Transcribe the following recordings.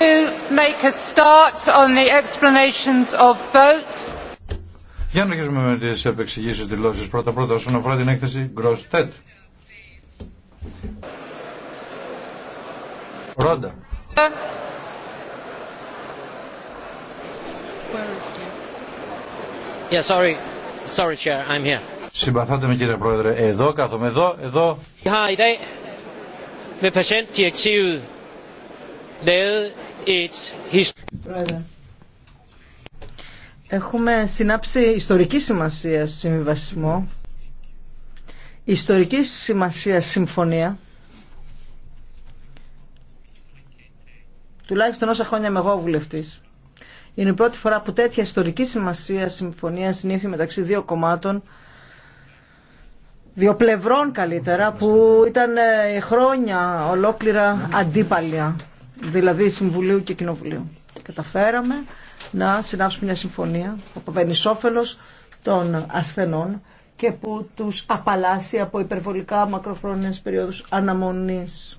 make a start on the explanations of vote. Για να αρχίσουμε με τις επεξηγήσεις δηλώσεις πρώτα-πρώτα όσον αφορά την έκθεση Grosset. Ρόντα. Yeah, sorry. Sorry, Chair. I'm here. Συμπαθάτε με κύριε Πρόεδρε. Εδώ κάθομαι. Εδώ, εδώ. Vi har i dag med patientdirektivet lavet Έχουμε συνάψει ιστορική σημασία συμβιβασμό, ιστορική σημασία συμφωνία. Τουλάχιστον όσα χρόνια είμαι εγώ βουλευτής. Είναι η πρώτη φορά που τέτοια ιστορική σημασία συμφωνία συνήθει μεταξύ δύο κομμάτων, δύο πλευρών καλύτερα, που ήταν ε, χρόνια ολόκληρα αντίπαλια δηλαδή Συμβουλίου και Κοινοβουλίου. Και καταφέραμε να συνάψουμε μια συμφωνία που αποβαίνει όφελο των ασθενών και που τους απαλλάσσει από υπερβολικά μακροχρόνιες περίοδους αναμονής.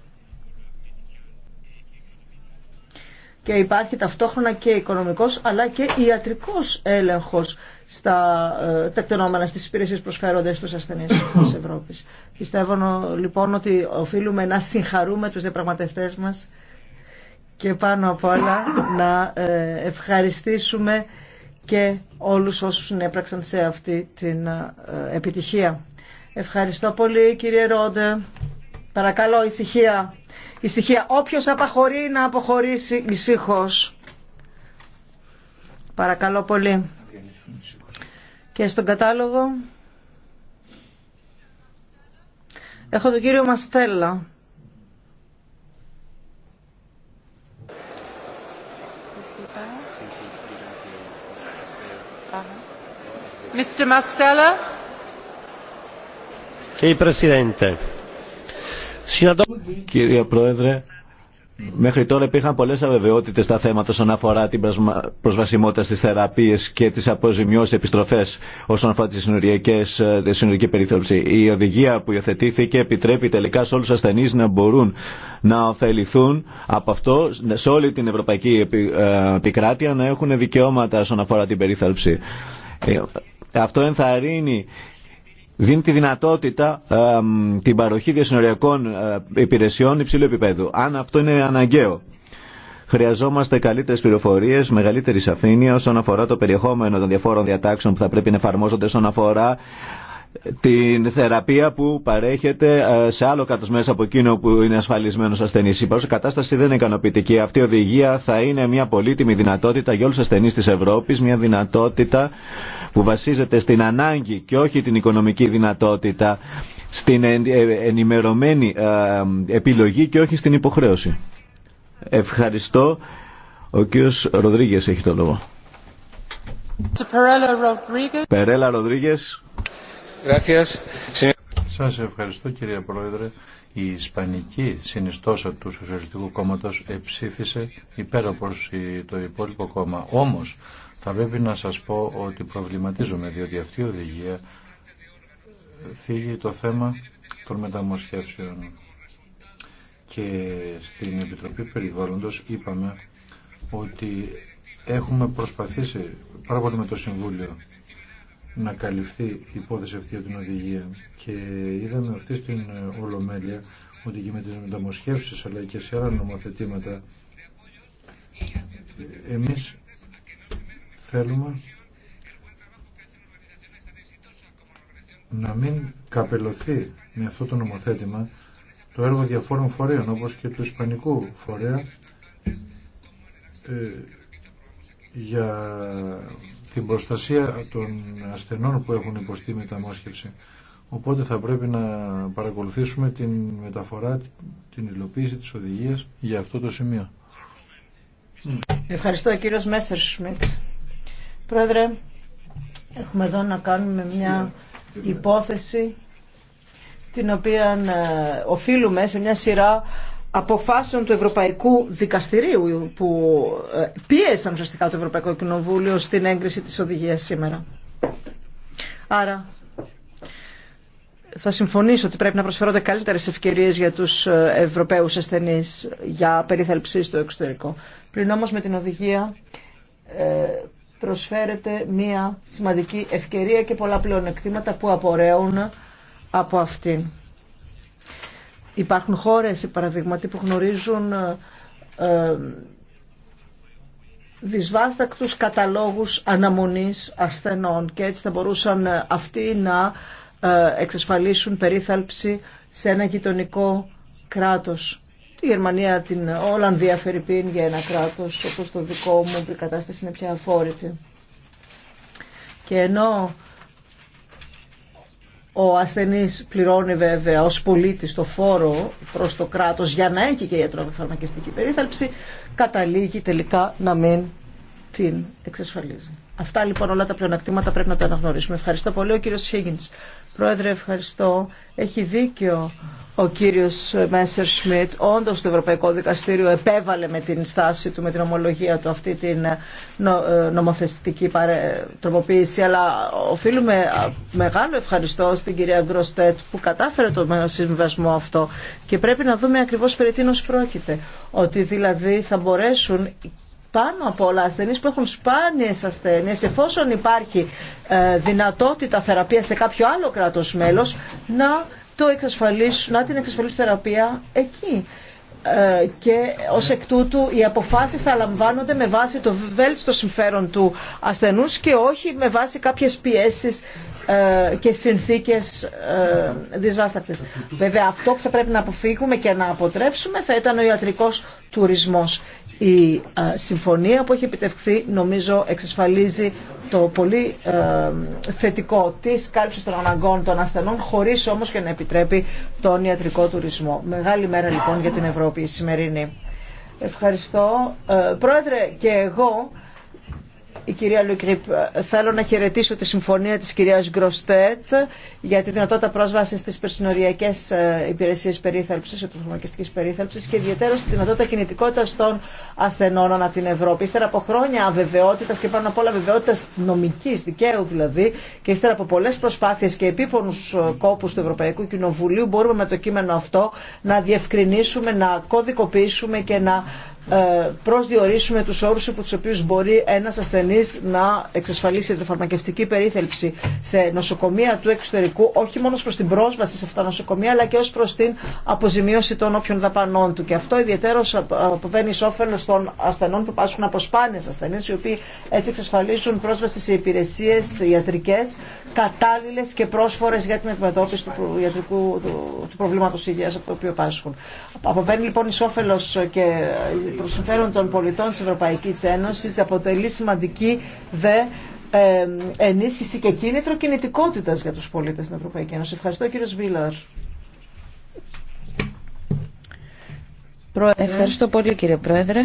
Και υπάρχει ταυτόχρονα και οικονομικός αλλά και ιατρικός έλεγχος στα ε, τεκτενόμενα, στις υπηρεσίες προσφέρονται στους ασθενείς της Ευρώπης. Πιστεύω λοιπόν ότι οφείλουμε να συγχαρούμε τους διαπραγματευτές μας και πάνω απ' όλα να ε, ευχαριστήσουμε και όλους όσους συνέπραξαν σε αυτή την ε, επιτυχία. Ευχαριστώ πολύ κύριε Ρόντε. Παρακαλώ ησυχία. Ησυχία. Όποιος απαχωρεί να αποχωρήσει ησύχως. Παρακαλώ πολύ. Και στον κατάλογο έχω τον κύριο Μαστέλλα. Κύριε Πρόεδρε, μέχρι τώρα υπήρχαν πολλέ αβεβαιότητε στα θέματα όσον αφορά την προσβασιμότητα στι θεραπείε και τι αποζημιώσει επιστροφέ όσον αφορά ε, τη συνολική περίθαλψη. Η οδηγία που υιοθετήθηκε επιτρέπει τελικά σε όλου του ασθενεί να μπορούν να ωφεληθούν από αυτό σε όλη την ευρωπαϊκή ε, επικράτεια να έχουν δικαιώματα όσον αφορά την περίθαλψη. Ε, αυτό ενθαρρύνει δίνει τη δυνατότητα την παροχή διασυνοριακών ε, υπηρεσιών υψηλού επίπεδου. Αν αυτό είναι αναγκαίο. Χρειαζόμαστε καλύτερε πληροφορίε, μεγαλύτερη σαφήνεια όσον αφορά το περιεχόμενο των διαφόρων διατάξεων που θα πρέπει να εφαρμόζονται όσον αφορά την θεραπεία που παρέχεται ε, σε άλλο κάτω μέσα από εκείνο που είναι ασφαλισμένο ασθενή. Η παρούσα κατάσταση δεν είναι ικανοποιητική. Αυτή η οδηγία θα είναι μια πολύτιμη δυνατότητα για όλου του ασθενεί τη Ευρώπη, μια δυνατότητα που βασίζεται στην ανάγκη και όχι την οικονομική δυνατότητα, στην ε, ενημερωμένη ε, επιλογή και όχι στην υποχρέωση. Ευχαριστώ. Ο κύριος Ροδρίγες έχει το λόγο. Περέλα Ροδρίγκες. Σας ευχαριστώ κύριε Πρόεδρε η ισπανική συνιστόσα του Σοσιαλιστικού Κόμματος εψήφισε υπέρ το υπόλοιπο κόμμα. Όμως θα πρέπει να σας πω ότι προβληματίζομαι διότι αυτή η οδηγία θίγει το θέμα των μεταμοσχεύσεων. Και στην Επιτροπή Περιβάλλοντος είπαμε ότι έχουμε προσπαθήσει πάρα πολύ με το Συμβούλιο να καλυφθεί η υπόθεση αυτή για την οδηγία. Και είδαμε αυτή στην Ολομέλεια ότι και με τις μεταμοσχεύσεις αλλά και σε άλλα νομοθετήματα εμείς θέλουμε να μην καπελωθεί με αυτό το νομοθέτημα το έργο διαφόρων φορέων όπως και του Ισπανικού φορέα ε, για την προστασία των ασθενών που έχουν υποστεί μεταμόσχευση. Οπότε θα πρέπει να παρακολουθήσουμε την μεταφορά, την υλοποίηση της οδηγίας για αυτό το σημείο. Ευχαριστώ κύριος Μέσσερ Σμιτ. Πρόεδρε, έχουμε εδώ να κάνουμε μια υπόθεση την οποία ε, οφείλουμε σε μια σειρά αποφάσεων του Ευρωπαϊκού Δικαστηρίου που ε, πίεσαν ουσιαστικά το Ευρωπαϊκό Κοινοβούλιο στην έγκριση της οδηγίας σήμερα. Άρα θα συμφωνήσω ότι πρέπει να προσφέρονται καλύτερες ευκαιρίες για τους ε, Ευρωπαίους ασθενείς για περίθαλψη στο εξωτερικό. Πριν όμως με την οδηγία ε, προσφέρεται μία σημαντική ευκαιρία και πολλά πλεονεκτήματα που απορρέουν από αυτήν. Υπάρχουν χώρες, παραδείγματι, που γνωρίζουν ε, ε, δυσβάστακτους καταλόγους αναμονής ασθενών και έτσι θα μπορούσαν αυτοί να ε, εξασφαλίσουν περίθαλψη σε ένα γειτονικό κράτος. Τη Γερμανία, την Ολλανδία Φερρυπίν για ένα κράτος όπως το δικό μου η κατάσταση είναι πια αφόρητη. Και ενώ ο ασθενής πληρώνει βέβαια ως πολίτης το φόρο προς το κράτος για να έχει και ιατροφαρμακευτική περίθαλψη, καταλήγει τελικά να μην την εξασφαλίζει. Αυτά λοιπόν όλα τα πλεονεκτήματα πρέπει να τα αναγνωρίσουμε. Ευχαριστώ πολύ ο κύριος Χίγγινς. Πρόεδρε, ευχαριστώ. Έχει δίκιο ο κύριος Μέσερ Σμιτ, όντως το Ευρωπαϊκό Δικαστήριο επέβαλε με την στάση του, με την ομολογία του αυτή την ε, ε, νομοθεστική τροποποίηση, αλλά οφείλουμε μεγάλο ευχαριστώ στην κυρία Γκροστέτ που κατάφερε το συμβιβασμό αυτό και πρέπει να δούμε ακριβώς περί τίνος πρόκειται, ότι δηλαδή θα μπορέσουν πάνω από όλα ασθενείς που έχουν σπάνιες ασθένειες, εφόσον υπάρχει ε, δυνατότητα θεραπεία σε κάποιο άλλο κράτος μέλος, να το εξασφαλίσουν, να την εξασφαλίσουν θεραπεία εκεί. Ε, και ω εκ τούτου οι αποφάσεις θα λαμβάνονται με βάση το βέλτιστο συμφέρον του ασθενούς και όχι με βάση κάποιες πιέσεις ε, και συνθήκες ε, δυσβάστακτες. Βέβαια αυτό που θα πρέπει να αποφύγουμε και να αποτρέψουμε θα ήταν ο ιατρικός τουρισμός. Η ε, συμφωνία που έχει επιτευχθεί νομίζω εξασφαλίζει το πολύ θετικό της κάλυψης των αναγκών των ασθενών χωρίς όμως και να επιτρέπει τον ιατρικό τουρισμό. Μεγάλη μέρα λοιπόν για την Ευρώπη η σημερινή. Ευχαριστώ. Πρόεδρε και εγώ η κυρία Λουκρυπ, θέλω να χαιρετήσω τη συμφωνία της κυρίας Γκροστέτ για τη δυνατότητα πρόσβασης στις περσινοριακές ε, υπηρεσίες περίθαλψης, οτροφομακευτικής περίθαλψης και ιδιαίτερα στη δυνατότητα κινητικότητας των ασθενών από την Ευρώπη. Ύστερα από χρόνια αβεβαιότητας και πάνω απ' όλα αβεβαιότητας νομικής, δικαίου δηλαδή, και ύστερα από πολλές προσπάθειες και επίπονους ε, κόπους του Ευρωπαϊκού Κοινοβουλίου μπορούμε με το κείμενο αυτό να διευκρινίσουμε, να κωδικοποιήσουμε και να ε, προσδιορίσουμε τους όρους από τους οποίους μπορεί ένας ασθενής να εξασφαλίσει ιατροφαρμακευτική περίθελψη σε νοσοκομεία του εξωτερικού, όχι μόνο προς την πρόσβαση σε αυτά τα νοσοκομεία, αλλά και ως προς την αποζημίωση των όποιων δαπανών του. Και αυτό ιδιαίτερο αποβαίνει εις όφελος των ασθενών που πάσχουν από σπάνιες ασθενείς, οι οποίοι έτσι εξασφαλίζουν πρόσβαση σε υπηρεσίες ιατρικές, κατάλληλες και πρόσφορες για την αντιμετώπιση του, ιατρικού, του, προβλήματος υγείας από το οποίο πάσχουν. Αποβαίνει λοιπόν εις και προσφέρον των πολιτών της Ευρωπαϊκής Ένωσης αποτελεί σημαντική δε ενίσχυση και κίνητρο κινητικότητας για τους πολίτες στην Ευρωπαϊκή Ένωση. Ευχαριστώ κύριο Βίλαρ. Ευχαριστώ πολύ κύριε Πρόεδρε.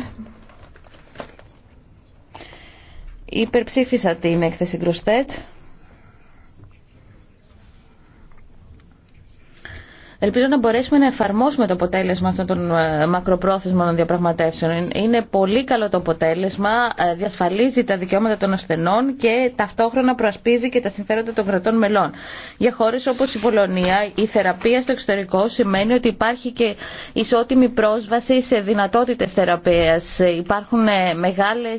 Υπερψήφισα την έκθεση Γκροστέτ Ελπίζω να μπορέσουμε να εφαρμόσουμε το αποτέλεσμα αυτών των ε, μακροπρόθεσμων διαπραγματεύσεων. Είναι πολύ καλό το αποτέλεσμα, ε, διασφαλίζει τα δικαιώματα των ασθενών και ταυτόχρονα προασπίζει και τα συμφέροντα των κρατών μελών. Για χώρε όπω η Πολωνία, η θεραπεία στο εξωτερικό σημαίνει ότι υπάρχει και ισότιμη πρόσβαση σε δυνατότητε θεραπεία. Υπάρχουν ε, μεγάλε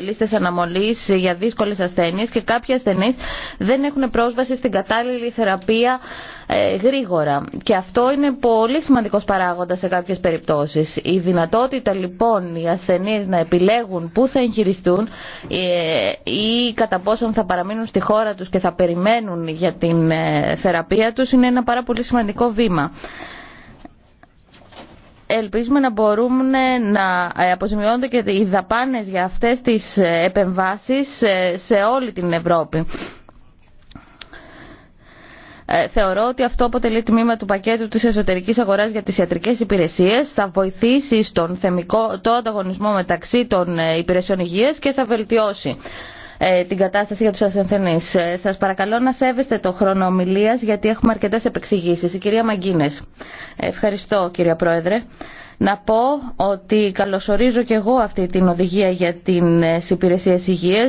λίστε αναμολή για δύσκολε ασθένειε και κάποιοι ασθενεί δεν έχουν πρόσβαση στην κατάλληλη θεραπεία ε, γρήγορα. Και αυτό είναι πολύ σημαντικός παράγοντας σε κάποιες περιπτώσεις. Η δυνατότητα λοιπόν οι ασθενείς να επιλέγουν πού θα εγχειριστούν ε, ή κατά πόσον θα παραμείνουν στη χώρα τους και θα περιμένουν για την ε, θεραπεία τους είναι ένα πάρα πολύ σημαντικό βήμα ελπίζουμε να μπορούν να αποζημιώνονται και οι δαπάνες για αυτές τις επεμβάσεις σε όλη την Ευρώπη. Ε, θεωρώ ότι αυτό αποτελεί τμήμα του πακέτου της εσωτερικής αγοράς για τις ιατρικές υπηρεσίες, θα βοηθήσει στον θεμικό, το ανταγωνισμό μεταξύ των ε, υπηρεσιών υγείας και θα βελτιώσει ε, την κατάσταση για τους ασθενείς. Σας παρακαλώ να σέβεστε το χρόνο ομιλίας γιατί έχουμε αρκετές επεξηγήσεις. Η κυρία Μαγκίνες. Ευχαριστώ κυρία Πρόεδρε. Να πω ότι καλωσορίζω και εγώ αυτή την οδηγία για την ε, υπηρεσία υγεία,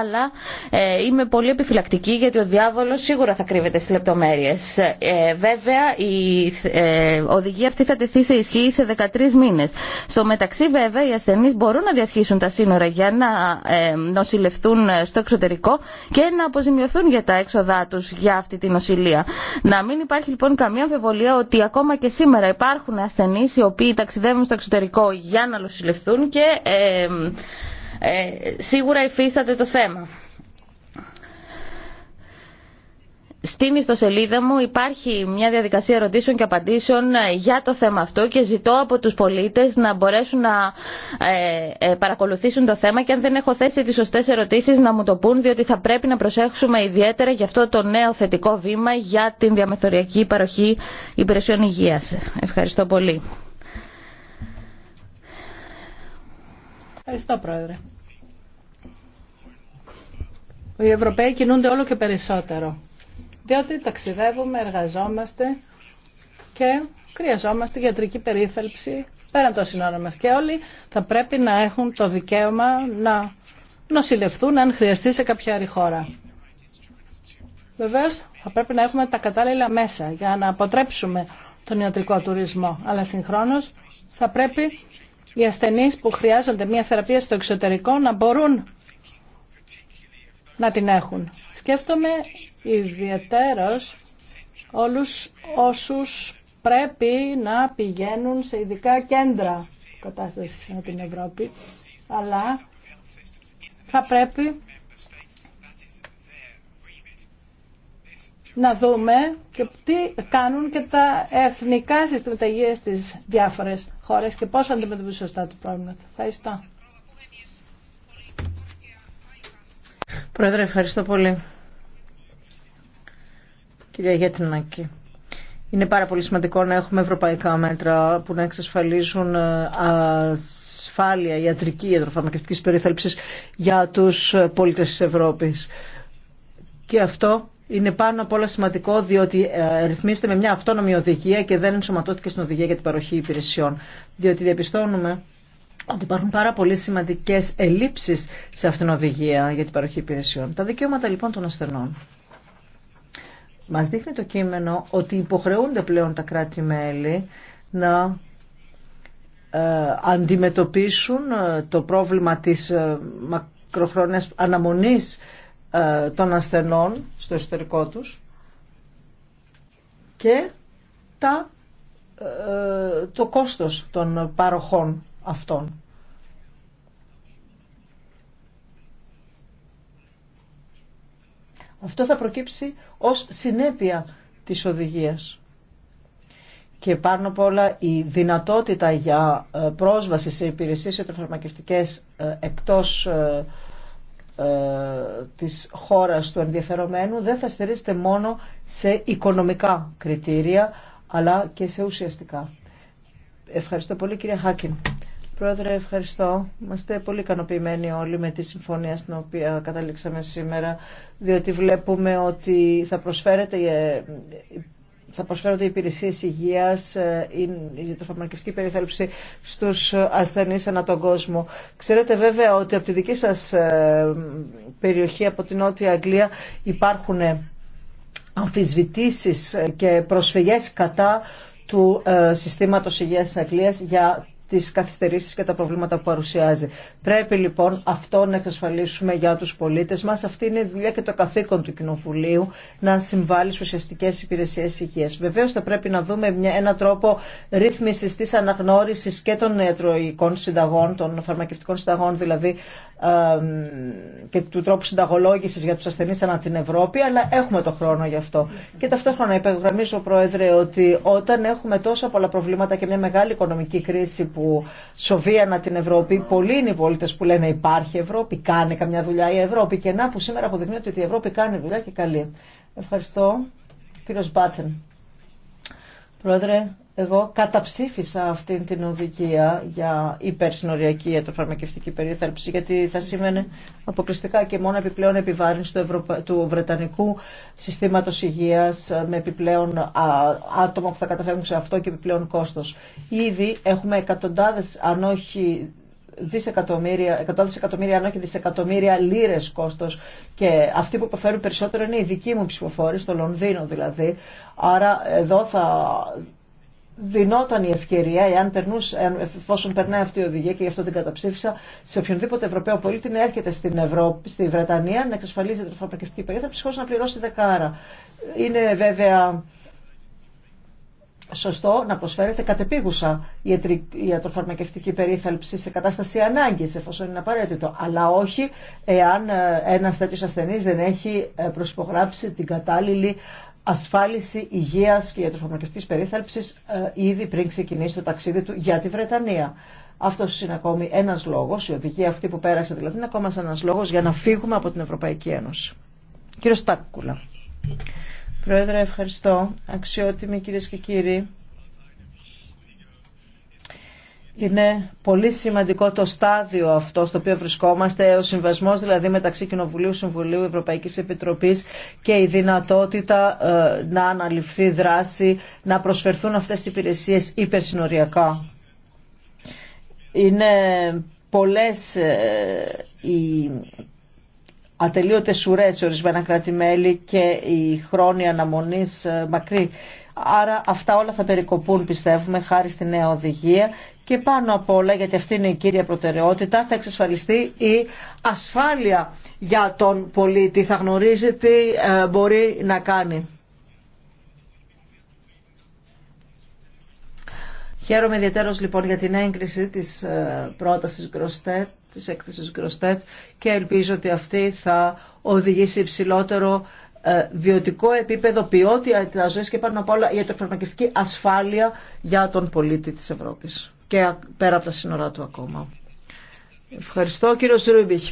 αλλά ε, είμαι πολύ επιφυλακτική γιατί ο διάβολο σίγουρα θα κρύβεται στις λεπτομέρειες. Ε, βέβαια, η οδηγία αυτή θα τεθεί σε ισχύ σε 13 μήνε. Στο μεταξύ, βέβαια, οι ασθενεί μπορούν να διασχίσουν τα σύνορα για να νοσηλευτούν στο εξωτερικό και να αποζημιωθούν για τα έξοδά του για αυτή την νοσηλεία. Να μην υπάρχει λοιπόν καμία αμφιβολία ότι ακόμα και σήμερα υπάρχουν ασθενεί οι οποίοι ταξιδεύουν στο εξωτερικό για να λοσιλευθούν και ε, ε, σίγουρα υφίσταται το θέμα. Στην ιστοσελίδα μου υπάρχει μια διαδικασία ερωτήσεων και απαντήσεων ε, για το θέμα αυτό και ζητώ από τους πολίτες να μπορέσουν να ε, παρακολουθήσουν το θέμα και αν δεν έχω θέσει τις σωστές ερωτήσεις να μου το πούν διότι θα πρέπει να προσέξουμε ιδιαίτερα γι' αυτό το νέο θετικό βήμα για την διαμεθοριακή παροχή υπηρεσιών υγείας. Ευχαριστώ πολύ. Ευχαριστώ, Πρόεδρε. Οι Ευρωπαίοι κινούνται όλο και περισσότερο, διότι ταξιδεύουμε, εργαζόμαστε και χρειαζόμαστε γιατρική περίθαλψη πέραν των συνόρων μας. Και όλοι θα πρέπει να έχουν το δικαίωμα να νοσηλευτούν αν χρειαστεί σε κάποια άλλη χώρα. Βεβαίως, θα πρέπει να έχουμε τα κατάλληλα μέσα για να αποτρέψουμε τον ιατρικό τουρισμό, αλλά συγχρόνως θα πρέπει οι ασθενείς που χρειάζονται μια θεραπεία στο εξωτερικό να μπορούν να την έχουν. Σκέφτομαι ιδιαίτερο όλους όσους πρέπει να πηγαίνουν σε ειδικά κέντρα κατάστασης την Ευρώπη, αλλά θα πρέπει να δούμε και τι κάνουν και τα εθνικά συστήματα υγείας στις διάφορες χώρες και πώς αντιμετωπίζουν σωστά το πρόβλημα. Ευχαριστώ. Πρόεδρε, ευχαριστώ πολύ. Κυρία Γιατρινάκη. Είναι πάρα πολύ σημαντικό να έχουμε ευρωπαϊκά μέτρα που να εξασφαλίζουν ε, ασφάλεια ιατρική, ιατροφαρμακευτικής περίθαλψης για τους πολίτες της Ευρώπης. Και αυτό είναι πάνω απ' όλα σημαντικό διότι ε, ρυθμίστε με μια αυτόνομη οδηγία και δεν ενσωματώθηκε στην οδηγία για την παροχή υπηρεσιών. Διότι διαπιστώνουμε ότι υπάρχουν πάρα πολύ σημαντικέ ελλείψει σε αυτήν την οδηγία για την παροχή υπηρεσιών. Τα δικαιώματα λοιπόν των ασθενών. Μα δείχνει το κείμενο ότι υποχρεούνται πλέον τα κράτη-μέλη να ε, αντιμετωπίσουν ε, το πρόβλημα της μακροχρόνιας αναμονής ε, των ασθενών στο εσωτερικό τους και τα, ε, το κόστος των παροχών αυτών. Αυτό θα προκύψει ως συνέπεια της οδηγίας. Και πάνω απ' όλα η δυνατότητα για ε, πρόσβαση σε υπηρεσίες ιατροφαρμακευτικές εκτός ε, της χώρας του ενδιαφερομένου δεν θα στηρίζεται μόνο σε οικονομικά κριτήρια αλλά και σε ουσιαστικά. Ευχαριστώ πολύ κύριε Χάκιν. Πρόεδρε, ευχαριστώ. Είμαστε πολύ ικανοποιημένοι όλοι με τη συμφωνία στην οποία καταλήξαμε σήμερα, διότι βλέπουμε ότι θα προσφέρεται ε, θα προσφέρονται υπηρεσίες υγείας, ε, η φαρμακευτική περίθαλψη στους ασθενείς ανά τον κόσμο. Ξέρετε βέβαια ότι από τη δική σας ε, περιοχή, από την Νότια Αγγλία, υπάρχουν αμφισβητήσεις και προσφυγές κατά του ε, συστήματος υγείας της Αγγλίας για τι καθυστερήσει και τα προβλήματα που παρουσιάζει. Πρέπει λοιπόν αυτό να εξασφαλίσουμε για τους πολίτες μας. Αυτή είναι η δουλειά και το καθήκον του Κοινοβουλίου να συμβάλλει στις ουσιαστικέ υπηρεσίες υγείας. Βεβαίως θα πρέπει να δούμε μια, ένα τρόπο ρύθμιση τη αναγνώρισης και των νεατροϊκών συνταγών, των φαρμακευτικών συνταγών δηλαδή και του τρόπου συνταγολόγηση για του ασθενεί ανά την Ευρώπη, αλλά έχουμε το χρόνο γι' αυτό. Και ταυτόχρονα υπεγραμμίζω, Πρόεδρε, ότι όταν έχουμε τόσα πολλά προβλήματα και μια μεγάλη οικονομική κρίση που σοβεί ανά την Ευρώπη, πολλοί είναι οι πολίτε που λένε Υπάρχει Ευρώπη, κάνει καμιά δουλειά η Ευρώπη. Και να που σήμερα αποδεικνύεται ότι η Ευρώπη κάνει δουλειά και καλή. Ευχαριστώ. Κύριο Μπάτεν. Πρόεδρε, εγώ καταψήφισα αυτή την οδηγία για υπερσυνοριακή ιατροφαρμακευτική περίθαλψη, γιατί θα σήμαινε αποκλειστικά και μόνο επιπλέον επιβάρυνση του, του Βρετανικού συστήματος υγείας ε, με επιπλέον άτομα που θα καταφέρουν σε αυτό και επιπλέον κόστος. Ήδη έχουμε εκατοντάδες, αν όχι δισεκατομμύρια, εκατοντάδες εκατομμύρια, αν όχι δισεκατομμύρια λίρες κόστος και αυτοί που υποφέρουν περισσότερο είναι οι δικοί μου ψηφοφόροι, στο Λονδίνο δηλαδή. Άρα εδώ θα δινόταν η ευκαιρία, εάν εφόσον περνάει αυτή η οδηγία και γι' αυτό την καταψήφισα, σε οποιονδήποτε Ευρωπαίο πολίτη να έρχεται στην Ευρώπη, στη Βρετανία, να εξασφαλίζει την φαρμακευτική περίθαλψη χωρίς να πληρώσει δεκάρα. Είναι βέβαια σωστό να προσφέρεται κατεπίγουσα η ιατροφαρμακευτική περίθαλψη σε κατάσταση ανάγκη, εφόσον είναι απαραίτητο. Αλλά όχι εάν ε, ένα τέτοιο ασθενή δεν έχει ε, προσπογράψει την κατάλληλη ασφάλιση υγεία και ιατροφαρμακευτικής περίθαλψης ε, ήδη πριν ξεκινήσει το ταξίδι του για τη Βρετανία. Αυτό είναι ακόμη ένα λόγο, η οδηγία αυτή που πέρασε δηλαδή, είναι ακόμα ένα λόγο για να φύγουμε από την Ευρωπαϊκή Ένωση. Κύριο Στάκκουλα. Πρόεδρε, ευχαριστώ. Αξιότιμοι κυρίε και κύριοι. Είναι πολύ σημαντικό το στάδιο αυτό στο οποίο βρισκόμαστε, ο συμβασμός δηλαδή μεταξύ Κοινοβουλίου, Συμβουλίου, Ευρωπαϊκής Επιτροπής και η δυνατότητα ε, να αναλυφθεί δράση, να προσφερθούν αυτές οι υπηρεσίες υπερσυνοριακά. Είναι πολλές ε, οι ατελείωτες ουρές σε ορισμένα κράτη-μέλη και η χρόνια αναμονής ε, μακρύ Άρα αυτά όλα θα περικοπούν πιστεύουμε χάρη στη νέα οδηγία και πάνω απ' όλα γιατί αυτή είναι η κύρια προτεραιότητα θα εξασφαλιστεί η ασφάλεια για τον πολίτη. Θα γνωρίζει τι ε, μπορεί να κάνει. Χαίρομαι ιδιαίτερως λοιπόν για την έγκριση της ε, πρότασης Γκροστέτ, της έκθεσης Γκροστέτ και ελπίζω ότι αυτή θα οδηγήσει υψηλότερο ε, βιωτικό επίπεδο, ποιότητα ζωής και πάνω απ' όλα η ιατροφαρμακευτική ασφάλεια για τον πολίτη της Ευρώπης και πέρα από τα σύνορά του ακόμα. Ευχαριστώ κύριο Ρούμπιχ.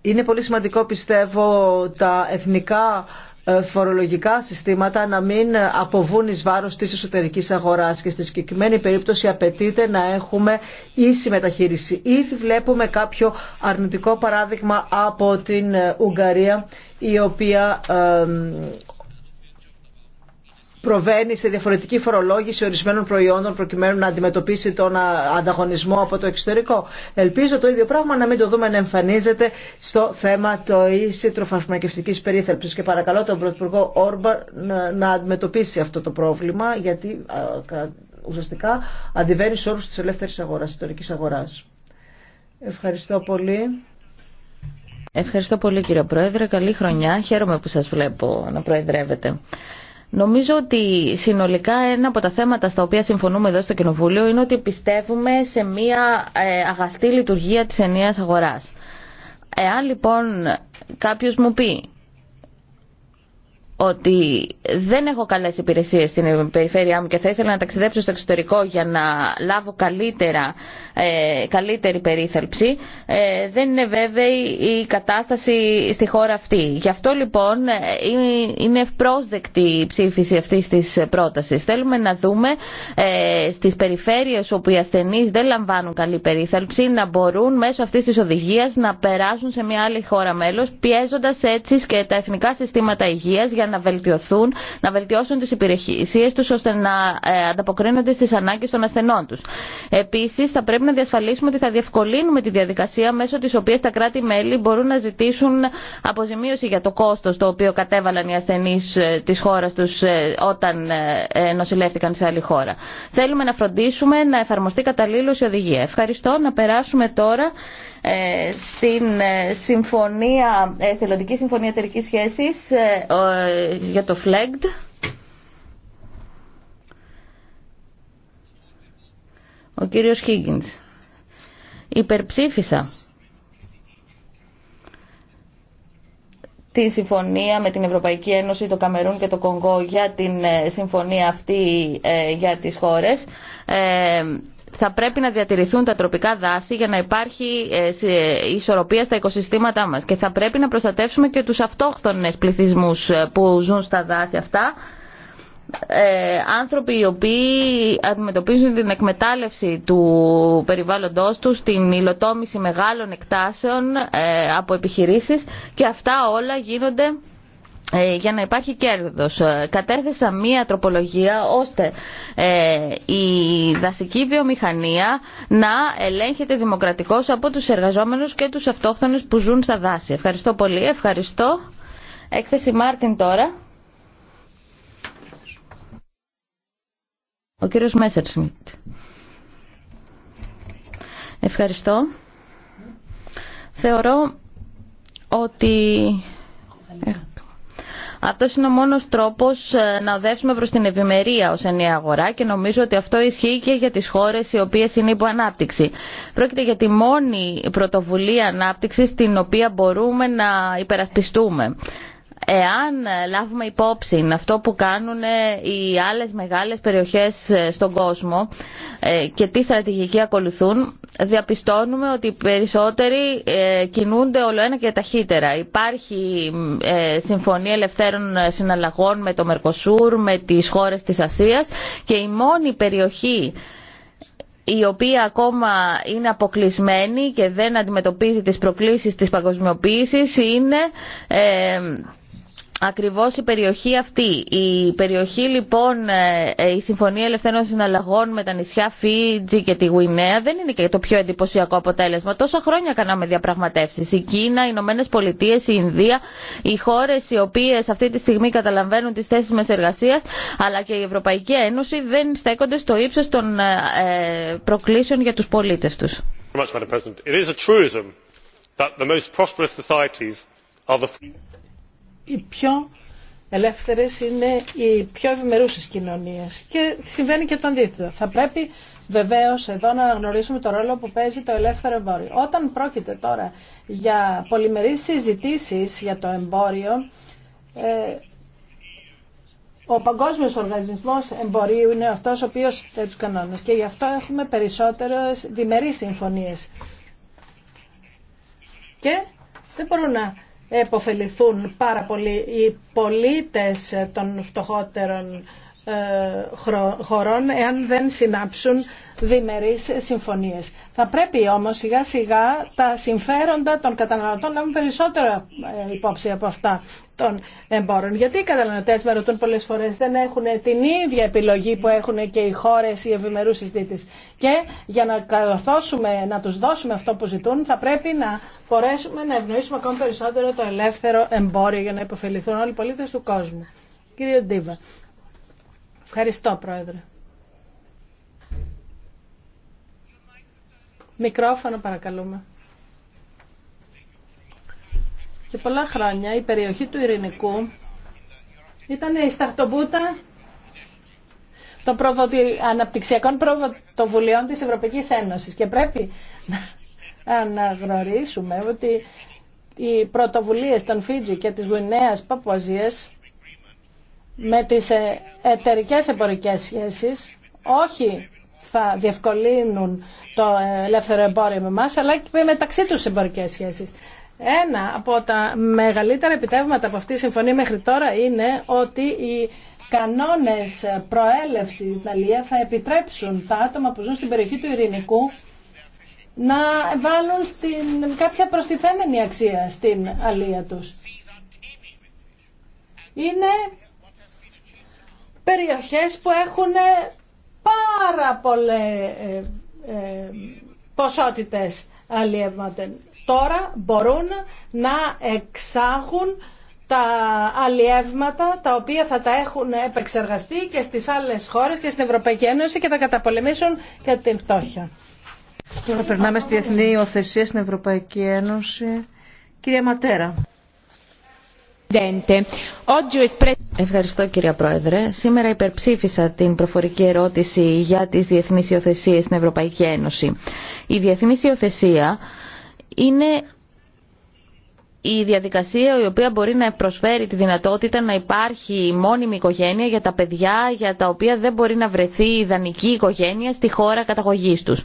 Είναι πολύ σημαντικό πιστεύω τα εθνικά ε, φορολογικά συστήματα να μην αποβούν εις βάρος της εσωτερικής αγοράς και στη συγκεκριμένη περίπτωση απαιτείται να έχουμε ίση μεταχείριση. Ήδη βλέπουμε κάποιο αρνητικό παράδειγμα από την ε, Ουγγαρία η οποία ε, προβαίνει σε διαφορετική φορολόγηση ορισμένων προϊόντων προκειμένου να αντιμετωπίσει τον ανταγωνισμό από το εξωτερικό. Ελπίζω το ίδιο πράγμα να μην το δούμε να εμφανίζεται στο θέμα το ίση τροφαρμακευτική περίθαλψη. Και παρακαλώ τον Πρωθυπουργό Όρμπα να αντιμετωπίσει αυτό το πρόβλημα, γιατί ουσιαστικά αντιβαίνει στου όρου τη ελεύθερη αγορά, τη ιστορική αγορά. Ευχαριστώ πολύ. Ευχαριστώ πολύ κύριε Πρόεδρε. Καλή χρονιά. Χαίρομαι που σας βλέπω να προεδρεύετε. Νομίζω ότι συνολικά ένα από τα θέματα στα οποία συμφωνούμε εδώ στο Κοινοβούλιο είναι ότι πιστεύουμε σε μια ε, αγαστή λειτουργία της ενίας αγοράς. Εάν λοιπόν κάποιος μου πει ότι δεν έχω καλέ υπηρεσίε στην περιφέρειά μου και θα ήθελα να ταξιδέψω στο εξωτερικό για να λάβω καλύτερα, ε, καλύτερη περίθαλψη, ε, δεν είναι βέβαιη η κατάσταση στη χώρα αυτή. Γι' αυτό λοιπόν ε, είναι ευπρόσδεκτη η ψήφιση αυτή τη πρόταση. Θέλουμε να δούμε ε, στις περιφέρειες όπου οι ασθενεί δεν λαμβάνουν καλή περίθαλψη να μπορούν μέσω αυτή τη οδηγία να περάσουν σε μια άλλη χώρα μέλο, πιέζοντας έτσι και τα εθνικά συστήματα υγείας να βελτιωθούν, να βελτιώσουν τι υπηρεσίε του ώστε να ε, ανταποκρίνονται στι ανάγκε των ασθενών του. Επίση, θα πρέπει να διασφαλίσουμε ότι θα διευκολύνουμε τη διαδικασία μέσω τη οποία τα κράτη-μέλη μπορούν να ζητήσουν αποζημίωση για το κόστο το οποίο κατέβαλαν οι ασθενεί ε, τη χώρα του ε, όταν νοσηλεύτηκαν σε άλλη χώρα. Θέλουμε να φροντίσουμε να εφαρμοστεί καταλήλω η οδηγία. Ευχαριστώ. Να περάσουμε τώρα ε, στην ε, συμφωνία, ε, θελοντική συμφωνία εταιρικής σχέσης για το FLEGD. Ο κύριος Higgins. Υπερψήφισα τη συμφωνία με την Ευρωπαϊκή Ένωση, το Καμερούν και το Κονγκό για την συμφωνία αυτή για τις χώρες θα πρέπει να διατηρηθούν τα τροπικά δάση για να υπάρχει ε, ισορροπία στα οικοσυστήματά μας και θα πρέπει να προστατεύσουμε και τους αυτόχθονες πληθυσμούς ε, που ζουν στα δάση αυτά ε, άνθρωποι οι οποίοι αντιμετωπίζουν την εκμετάλλευση του περιβάλλοντός τους, την υλοτόμηση μεγάλων εκτάσεων από επιχειρήσεις και αυτά όλα γίνονται ε, για να υπάρχει κέρδος. Ε, κατέθεσα μία τροπολογία ώστε ε, η δασική βιομηχανία να ελέγχεται δημοκρατικώς από τους εργαζόμενους και τους αυτόχθονες που ζουν στα δάση. Ευχαριστώ πολύ. Ευχαριστώ. Έκθεση Μάρτιν τώρα. Ο κύριος Μέσερσμιτ. Ευχαριστώ. Θεωρώ ότι... Αυτό είναι ο μόνο τρόπο ε, να οδεύσουμε προ την ευημερία ω ενιαία αγορά και νομίζω ότι αυτό ισχύει και για τι χώρε οι οποίε είναι υπό ανάπτυξη. Πρόκειται για τη μόνη πρωτοβουλία ανάπτυξη την οποία μπορούμε να υπερασπιστούμε εάν ε, λάβουμε υπόψη αυτό που κάνουν ε, οι άλλες μεγάλες περιοχές ε, στον κόσμο και τι στρατηγική ακολουθούν, διαπιστώνουμε ότι οι περισσότεροι κινούνται όλο ένα και ταχύτερα. Υπάρχει συμφωνία ελευθέρων συναλλαγών με το Μερκοσούρ, με τις χώρες της Ασίας και η μόνη περιοχή η οποία ακόμα είναι αποκλεισμένη και δεν αντιμετωπίζει τις προκλήσεις της παγκοσμιοποίησης είναι... Ακριβώς η περιοχή αυτή. Η περιοχή λοιπόν, ε, ε, η Συμφωνία Ελευθερών Συναλλαγών με τα νησιά Φίτζι και τη Γουινέα δεν είναι και το πιο εντυπωσιακό αποτέλεσμα. Τόσα χρόνια κάναμε διαπραγματεύσεις. Η Κίνα, οι Ηνωμένε Πολιτείε, η Ινδία, οι χώρες οι οποίες αυτή τη στιγμή καταλαμβάνουν τις θέσεις μες εργασίας, αλλά και η Ευρωπαϊκή Ένωση δεν στέκονται στο ύψος των ε, προκλήσεων για τους πολίτες τους οι πιο ελεύθερες είναι οι πιο ευημερούσες κοινωνίες. Και συμβαίνει και το αντίθετο. Θα πρέπει βεβαίως εδώ να αναγνωρίσουμε το ρόλο που παίζει το ελεύθερο εμπόριο. Όταν πρόκειται τώρα για πολυμερείς συζητήσει για το εμπόριο, ε, ο Παγκόσμιο Οργανισμό Εμπορίου είναι αυτό ο οποίο θέτει του κανόνε και γι' αυτό έχουμε περισσότερε διμερεί συμφωνίε. Και δεν μπορούν να εποφεληθούν πάρα πολύ οι πολίτες των φτωχότερων ε, χωρών εάν δεν συνάψουν διμερείς συμφωνίες. Θα πρέπει όμως σιγά σιγά τα συμφέροντα των καταναλωτών να έχουν περισσότερο ε, υπόψη από αυτά των εμπόρων. Γιατί οι καταναλωτές με ρωτούν πολλές φορές δεν έχουν την ίδια επιλογή που έχουν και οι χώρες οι ευημερούς συστήτες Και για να καθώσουμε, να τους δώσουμε αυτό που ζητούν θα πρέπει να μπορέσουμε να ευνοήσουμε ακόμη περισσότερο το ελεύθερο εμπόριο για να υποφεληθούν όλοι οι πολίτες του κόσμου. Κύριε Ντίβα, Ευχαριστώ, Πρόεδρε. Μικρόφωνο παρακαλούμε. Και πολλά χρόνια η περιοχή του Ειρηνικού ήταν η σταχτοπούτα των αναπτυξιακών πρωτοβουλειών της Ευρωπαϊκής Ένωσης και πρέπει να αναγνωρίσουμε ότι οι πρωτοβουλίες των Φίτζη και της Γουινέας Παπουαζίας με τις ε, εταιρικές εμπορικές σχέσεις όχι θα διευκολύνουν το ελεύθερο εμπόριο με αλλά και μεταξύ τους εμπορικές σχέσεις. Ένα από τα μεγαλύτερα επιτεύγματα από αυτή τη συμφωνία μέχρι τώρα είναι ότι οι κανόνες προέλευσης στην Ιταλία θα επιτρέψουν τα άτομα που ζουν στην περιοχή του Ειρηνικού να βάλουν στην, κάποια προστιθέμενη αξία στην αλία τους. Είναι περιοχές που έχουν ε, πάρα πολλές ε, ε, ποσότητες αλλιεύματα. Τώρα μπορούν να εξάγουν τα αλλιεύματα τα οποία θα τα έχουν επεξεργαστεί και στις άλλες χώρες και στην Ευρωπαϊκή Ένωση και θα καταπολεμήσουν και την φτώχεια. Τώρα περνάμε στη Εθνή Υιοθεσία στην Ευρωπαϊκή Ένωση. Κυρία Ματέρα. Ευχαριστώ κυρία Πρόεδρε. Σήμερα υπερψήφισα την προφορική ερώτηση για τις διεθνείς υιοθεσίες στην Ευρωπαϊκή Ένωση. Η διεθνής υιοθεσία είναι η διαδικασία η οποία μπορεί να προσφέρει τη δυνατότητα να υπάρχει μόνιμη οικογένεια για τα παιδιά για τα οποία δεν μπορεί να βρεθεί ιδανική οικογένεια στη χώρα καταγωγής τους.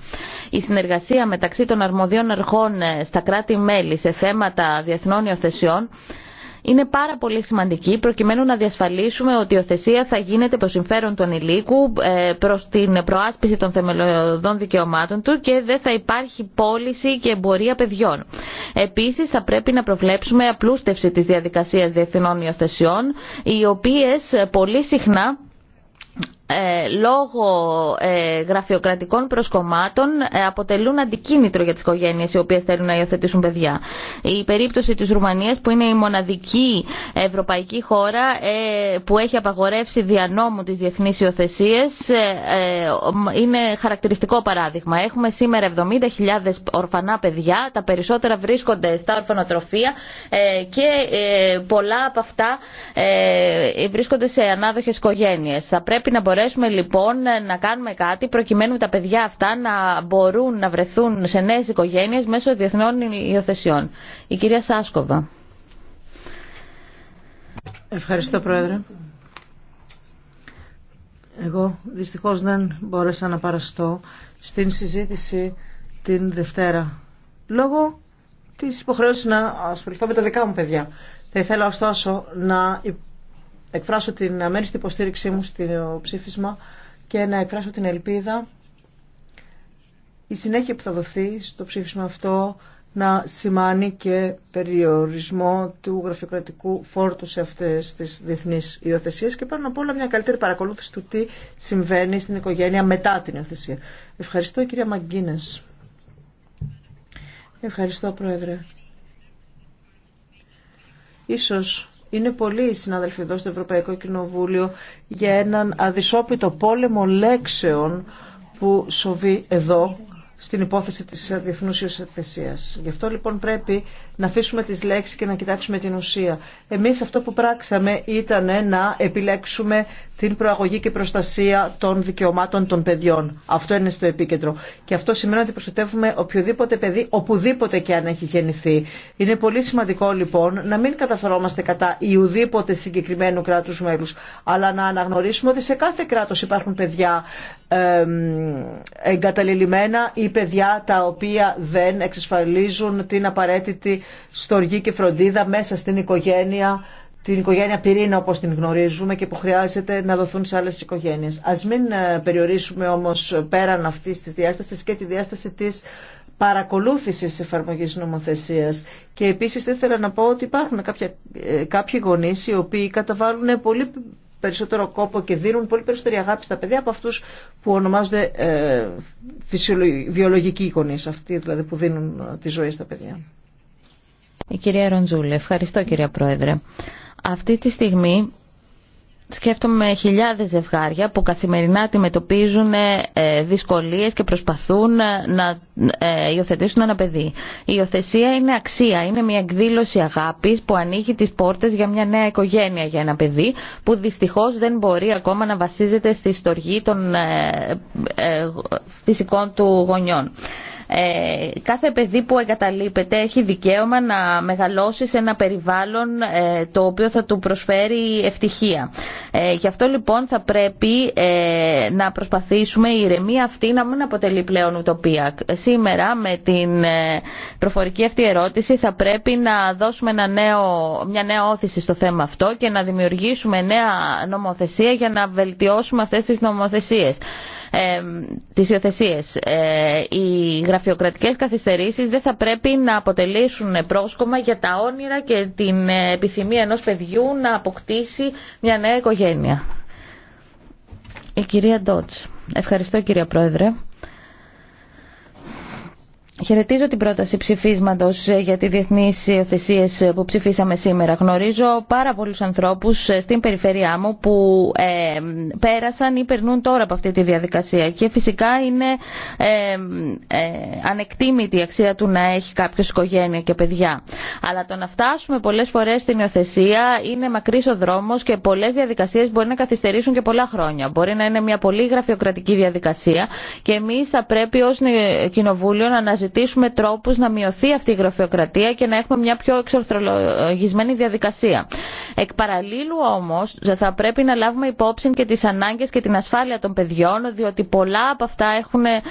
Η συνεργασία μεταξύ των αρμοδίων αρχών ε, στα κράτη-μέλη σε θέματα διεθνών υιοθεσιών είναι πάρα πολύ σημαντική προκειμένου να διασφαλίσουμε ότι η οθεσία θα γίνεται προ συμφέρον του ανηλίκου, ε, προ την προάσπιση των θεμελιωδών δικαιωμάτων του και δεν θα υπάρχει πώληση και εμπορία παιδιών. Επίση, θα πρέπει να προβλέψουμε απλούστευση τη διαδικασία διεθνών υιοθεσιών, οι οποίε πολύ συχνά ε, λόγω ε, γραφειοκρατικών προσκομμάτων ε, αποτελούν αντικίνητρο για τις οικογένειες οι οποίες θέλουν να υιοθετήσουν παιδιά. Η περίπτωση της Ρουμανίας που είναι η μοναδική ευρωπαϊκή χώρα που έχει απαγορεύσει δια νόμου τις διεθνείς υιοθεσίες είναι χαρακτηριστικό παράδειγμα. Έχουμε σήμερα 70.000 ορφανά παιδιά, τα περισσότερα βρίσκονται στα ορφανοτροφία και πολλά από αυτά βρίσκονται σε ανάδοχες οικογένειες. Θα πρέπει να μπορέσουμε λοιπόν να κάνουμε κάτι προκειμένου τα παιδιά αυτά να μπορούν να βρεθούν σε νέες οικογένειες μέσω διεθνών υιοθεσιών. Η κυρία Σάσκοβα. Ευχαριστώ Πρόεδρε. Εγώ δυστυχώς δεν μπόρεσα να παραστώ στην συζήτηση την Δευτέρα λόγω της υποχρέωσης να ασχοληθώ με τα δικά μου παιδιά. Θα ήθελα ωστόσο να εκφράσω την αμέριστη υποστήριξή μου στο ψήφισμα και να εκφράσω την ελπίδα η συνέχεια που θα δοθεί στο ψήφισμα αυτό να σημάνει και περιορισμό του γραφειοκρατικού φόρτου σε αυτές τις διεθνείς υιοθεσίες και πάνω απ' όλα μια καλύτερη παρακολούθηση του τι συμβαίνει στην οικογένεια μετά την υιοθεσία. Ευχαριστώ κυρία Μαγκίνες. Ευχαριστώ Πρόεδρε. Ίσως είναι πολλοί οι συνάδελφοι εδώ στο Ευρωπαϊκό Κοινοβούλιο για έναν αδυσόπιτο πόλεμο λέξεων που σοβεί εδώ στην υπόθεση της διεθνούς υιοθεσίας. Γι' αυτό λοιπόν πρέπει να αφήσουμε τις λέξεις και να κοιτάξουμε την ουσία. Εμείς αυτό που πράξαμε ήταν να επιλέξουμε την προαγωγή και προστασία των δικαιωμάτων των παιδιών. Αυτό είναι στο επίκεντρο. Και αυτό σημαίνει ότι προστατεύουμε οποιοδήποτε παιδί, οπουδήποτε και αν έχει γεννηθεί. Είναι πολύ σημαντικό λοιπόν να μην καταφερόμαστε κατά ιουδήποτε συγκεκριμένου κράτους μέλους, αλλά να αναγνωρίσουμε ότι σε κάθε κράτος υπάρχουν παιδιά εγκαταλελειμμένα ή παιδιά τα οποία δεν εξασφαλίζουν την απαραίτητη στοργή και φροντίδα μέσα στην οικογένεια την οικογένεια πυρήνα όπως την γνωρίζουμε και που χρειάζεται να δοθούν σε άλλες οικογένειες. Ας μην ε, περιορίσουμε όμως πέραν αυτής της διάστασης και τη διάσταση της παρακολούθησης εφαρμογής νομοθεσίας. Και επίσης ήθελα να πω ότι υπάρχουν ε, κάποιοι γονείς οι οποίοι καταβάλουν πολύ περισσότερο κόπο και δίνουν πολύ περισσότερη αγάπη στα παιδιά από αυτούς που ονομάζονται ε, βιολογικοί εικονείς, αυτοί δηλαδή που δίνουν ε, τη ζωή στα παιδιά. Η κυρία Ροντζούλη, ευχαριστώ κυρία Πρόεδρε. Αυτή τη στιγμή Σκέφτομαι χιλιάδες ζευγάρια που καθημερινά αντιμετωπίζουν ε, ε, δυσκολίες και προσπαθούν ε, να υιοθετήσουν ένα παιδί. Η υιοθεσία είναι αξία, είναι μια εκδήλωση αγάπης που ανοίγει τις πόρτες για μια νέα οικογένεια για ένα παιδί που δυστυχώς δεν μπορεί ακόμα να βασίζεται στη στοργή των φυσικών του γονιών. Ε, κάθε παιδί που εγκαταλείπεται έχει δικαίωμα να μεγαλώσει σε ένα περιβάλλον ε, το οποίο θα του προσφέρει ευτυχία. Ε, γι' αυτό λοιπόν θα πρέπει να προσπαθήσουμε η ηρεμία αυτή να μην αποτελεί πλέον ουτοπία. Σήμερα με την προφορική αυτή ερώτηση θα πρέπει να δώσουμε μια νέα όθηση στο θέμα αυτό και να δημιουργήσουμε νέα νομοθεσία για να βελτιώσουμε αυτές τις νομοθεσίες τις υιοθεσίες. Ε, οι γραφειοκρατικές καθυστερήσεις δεν θα πρέπει να αποτελέσουν πρόσκομα για τα όνειρα και την επιθυμία ενός παιδιού να αποκτήσει μια νέα οικογένεια. Η κυρία Ντότς. Ευχαριστώ κυρία Πρόεδρε. Χαιρετίζω την πρόταση ψηφίσματο ε, για τι διεθνεί υιοθεσίε ε, που ψηφίσαμε σήμερα. Γνωρίζω πάρα πολλού ανθρώπου ε, στην περιφέρειά μου που πέρασαν ή περνούν τώρα από αυτή τη διαδικασία. Και φυσικά είναι ε, ανεκτήμητη η αξία του να έχει κάποιο οικογένεια και παιδιά. Αλλά το να φτάσουμε πολλέ φορέ στην υιοθεσία είναι μακρύ ο δρόμο και πολλέ διαδικασίε μπορεί να καθυστερήσουν και πολλά χρόνια. Μπορεί να είναι μια πολύ γραφειοκρατική διαδικασία και εμεί θα πρέπει ω Κοινοβούλιο να αναζητήσουμε αναζητήσουμε τρόπους να μειωθεί αυτή η γραφειοκρατία και να έχουμε μια πιο εξορθρολογισμένη διαδικασία. Εκ παραλίλου όμως θα πρέπει να λάβουμε υπόψη και τις ανάγκες και την ασφάλεια των παιδιών διότι πολλά από αυτά έχουν ε,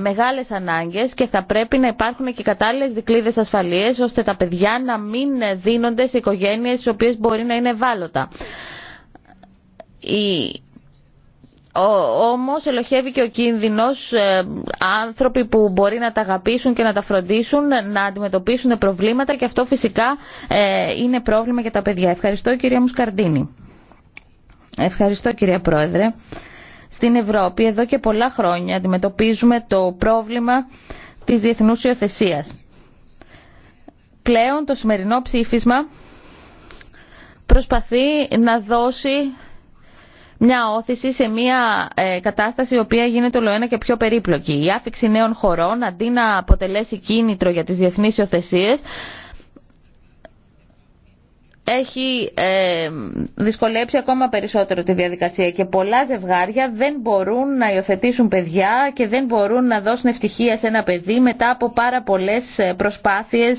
μεγάλες ανάγκες και θα πρέπει να υπάρχουν και κατάλληλες δικλείδες ασφαλείας ώστε τα παιδιά να μην δίνονται σε οικογένειες οι οποίες μπορεί να είναι ευάλωτα όμως ελοχεύει και ο κίνδυνος ε, άνθρωποι που μπορεί να τα αγαπήσουν και να τα φροντίσουν να αντιμετωπίσουν προβλήματα και αυτό φυσικά ε, είναι πρόβλημα για τα παιδιά. Ευχαριστώ κυρία Μουσκαρντίνη. Ευχαριστώ κυρία Πρόεδρε. Στην Ευρώπη εδώ και πολλά χρόνια αντιμετωπίζουμε το πρόβλημα της διεθνούς υιοθεσία. Πλέον το σημερινό ψήφισμα προσπαθεί να δώσει μια όθηση σε μια ε, κατάσταση η οποία γίνεται ολοένα και πιο περίπλοκη. Η άφηξη νέων χωρών αντί να αποτελέσει κίνητρο για τις διεθνείς υιοθεσίες έχει ε, δυσκολέψει ακόμα περισσότερο τη διαδικασία και πολλά ζευγάρια δεν μπορούν να υιοθετήσουν παιδιά και δεν μπορούν να δώσουν ευτυχία σε ένα παιδί μετά από πάρα πολλές ε, προσπάθειες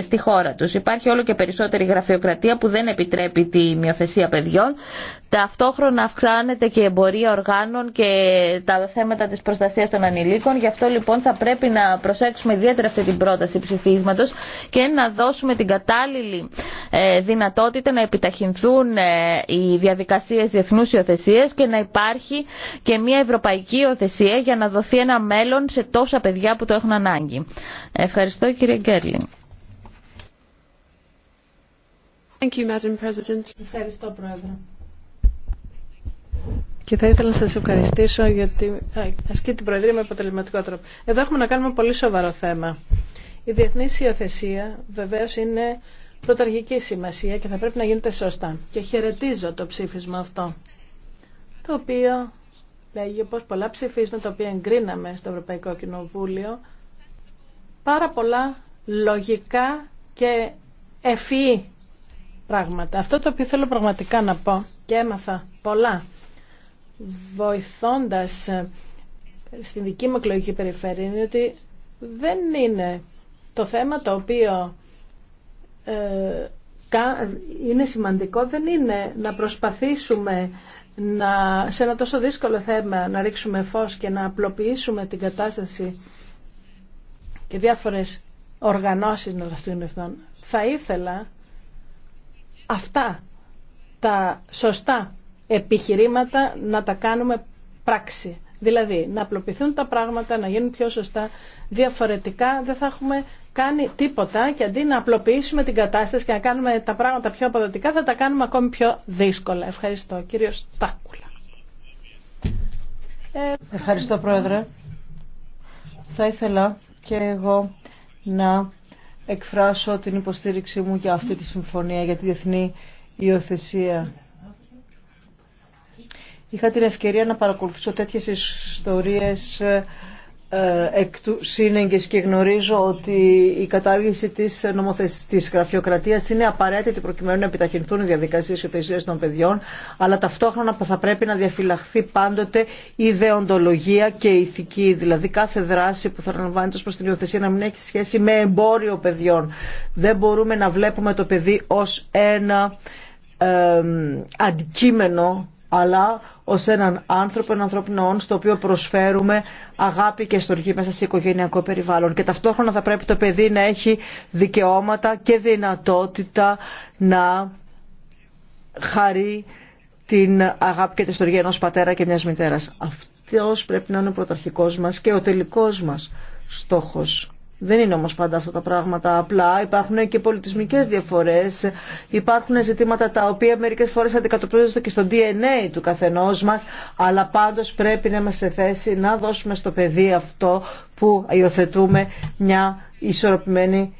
στη χώρα τους. Υπάρχει όλο και περισσότερη γραφειοκρατία που δεν επιτρέπει τη μειοθεσία παιδιών Ταυτόχρονα αυξάνεται και η εμπορία οργάνων και τα θέματα της προστασίας των ανηλίκων. Γι' αυτό λοιπόν θα πρέπει να προσέξουμε ιδιαίτερα αυτή την πρόταση ψηφίσματος και να δώσουμε την κατάλληλη ε, δυνατότητα να επιταχυνθούν ε, οι διαδικασίες διεθνούς υιοθεσίες και να υπάρχει και μια ευρωπαϊκή υιοθεσία για να δοθεί ένα μέλλον σε τόσα παιδιά που το έχουν ανάγκη. Ευχαριστώ κύριε Γκέρλινγκ. Thank you, Madam President. Ευχαριστώ, Πρόεδρε και θα ήθελα να σας ευχαριστήσω γιατί ασκεί την Προεδρία με αποτελεσματικό τρόπο. Εδώ έχουμε να κάνουμε πολύ σοβαρό θέμα. Η διεθνή υιοθεσία βεβαίω είναι πρωταρχική σημασία και θα πρέπει να γίνεται σωστά. Και χαιρετίζω το ψήφισμα αυτό, το οποίο λέγει πω πολλά ψηφίσματα τα οποία εγκρίναμε στο Ευρωπαϊκό Κοινοβούλιο, πάρα πολλά λογικά και ευφυή πράγματα. Αυτό το οποίο θέλω πραγματικά να πω και έμαθα πολλά βοηθώντας ε, στην δική μου εκλογική περιφέρεια είναι ότι δεν είναι το θέμα το οποίο ε, είναι σημαντικό δεν είναι να προσπαθήσουμε να, σε ένα τόσο δύσκολο θέμα να ρίξουμε φως και να απλοποιήσουμε την κατάσταση και διάφορες οργανώσεις να δραστούν Θα ήθελα αυτά τα σωστά επιχειρήματα να τα κάνουμε πράξη. Δηλαδή, να απλοποιηθούν τα πράγματα, να γίνουν πιο σωστά. Διαφορετικά δεν θα έχουμε κάνει τίποτα και αντί να απλοποιήσουμε την κατάσταση και να κάνουμε τα πράγματα πιο αποδοτικά, θα τα κάνουμε ακόμη πιο δύσκολα. Ευχαριστώ. κύριο Τάκουλα. Ε, Ευχαριστώ, Πρόεδρε. Θα ήθελα και εγώ να εκφράσω την υποστήριξή μου για αυτή τη συμφωνία για τη διεθνή υιοθεσία Είχα την ευκαιρία να παρακολουθήσω τέτοιες ιστορίες ε, εκ του σύνεγγες και γνωρίζω ότι η κατάργηση της, νομοθεσ... της γραφειοκρατίας είναι απαραίτητη προκειμένου να επιταχυνθούν οι διαδικασίες υιοθεσίας των παιδιών αλλά ταυτόχρονα θα πρέπει να διαφυλαχθεί πάντοτε η δεοντολογία και η ηθική δηλαδή κάθε δράση που θα αναλαμβάνεται ως προς την υιοθεσία να μην έχει σχέση με εμπόριο παιδιών δεν μπορούμε να βλέπουμε το παιδί ως ένα ε, αντικείμενο αλλά ως έναν άνθρωπο, έναν ανθρώπινο όν, στο οποίο προσφέρουμε αγάπη και στοργή μέσα σε οικογενειακό περιβάλλον. Και ταυτόχρονα θα πρέπει το παιδί να έχει δικαιώματα και δυνατότητα να χαρεί την αγάπη και τη στοργή ενός πατέρα και μιας μητέρας. Αυτός πρέπει να είναι ο πρωταρχικός μας και ο τελικός μας στόχος. Δεν είναι όμως πάντα αυτά τα πράγματα απλά. Υπάρχουν και πολιτισμικές διαφορές. Υπάρχουν ζητήματα τα οποία μερικές φορές αντικατοπτρίζονται και στο DNA του καθενός μας. Αλλά πάντως πρέπει να είμαστε σε θέση να δώσουμε στο παιδί αυτό που υιοθετούμε μια ισορροπημένη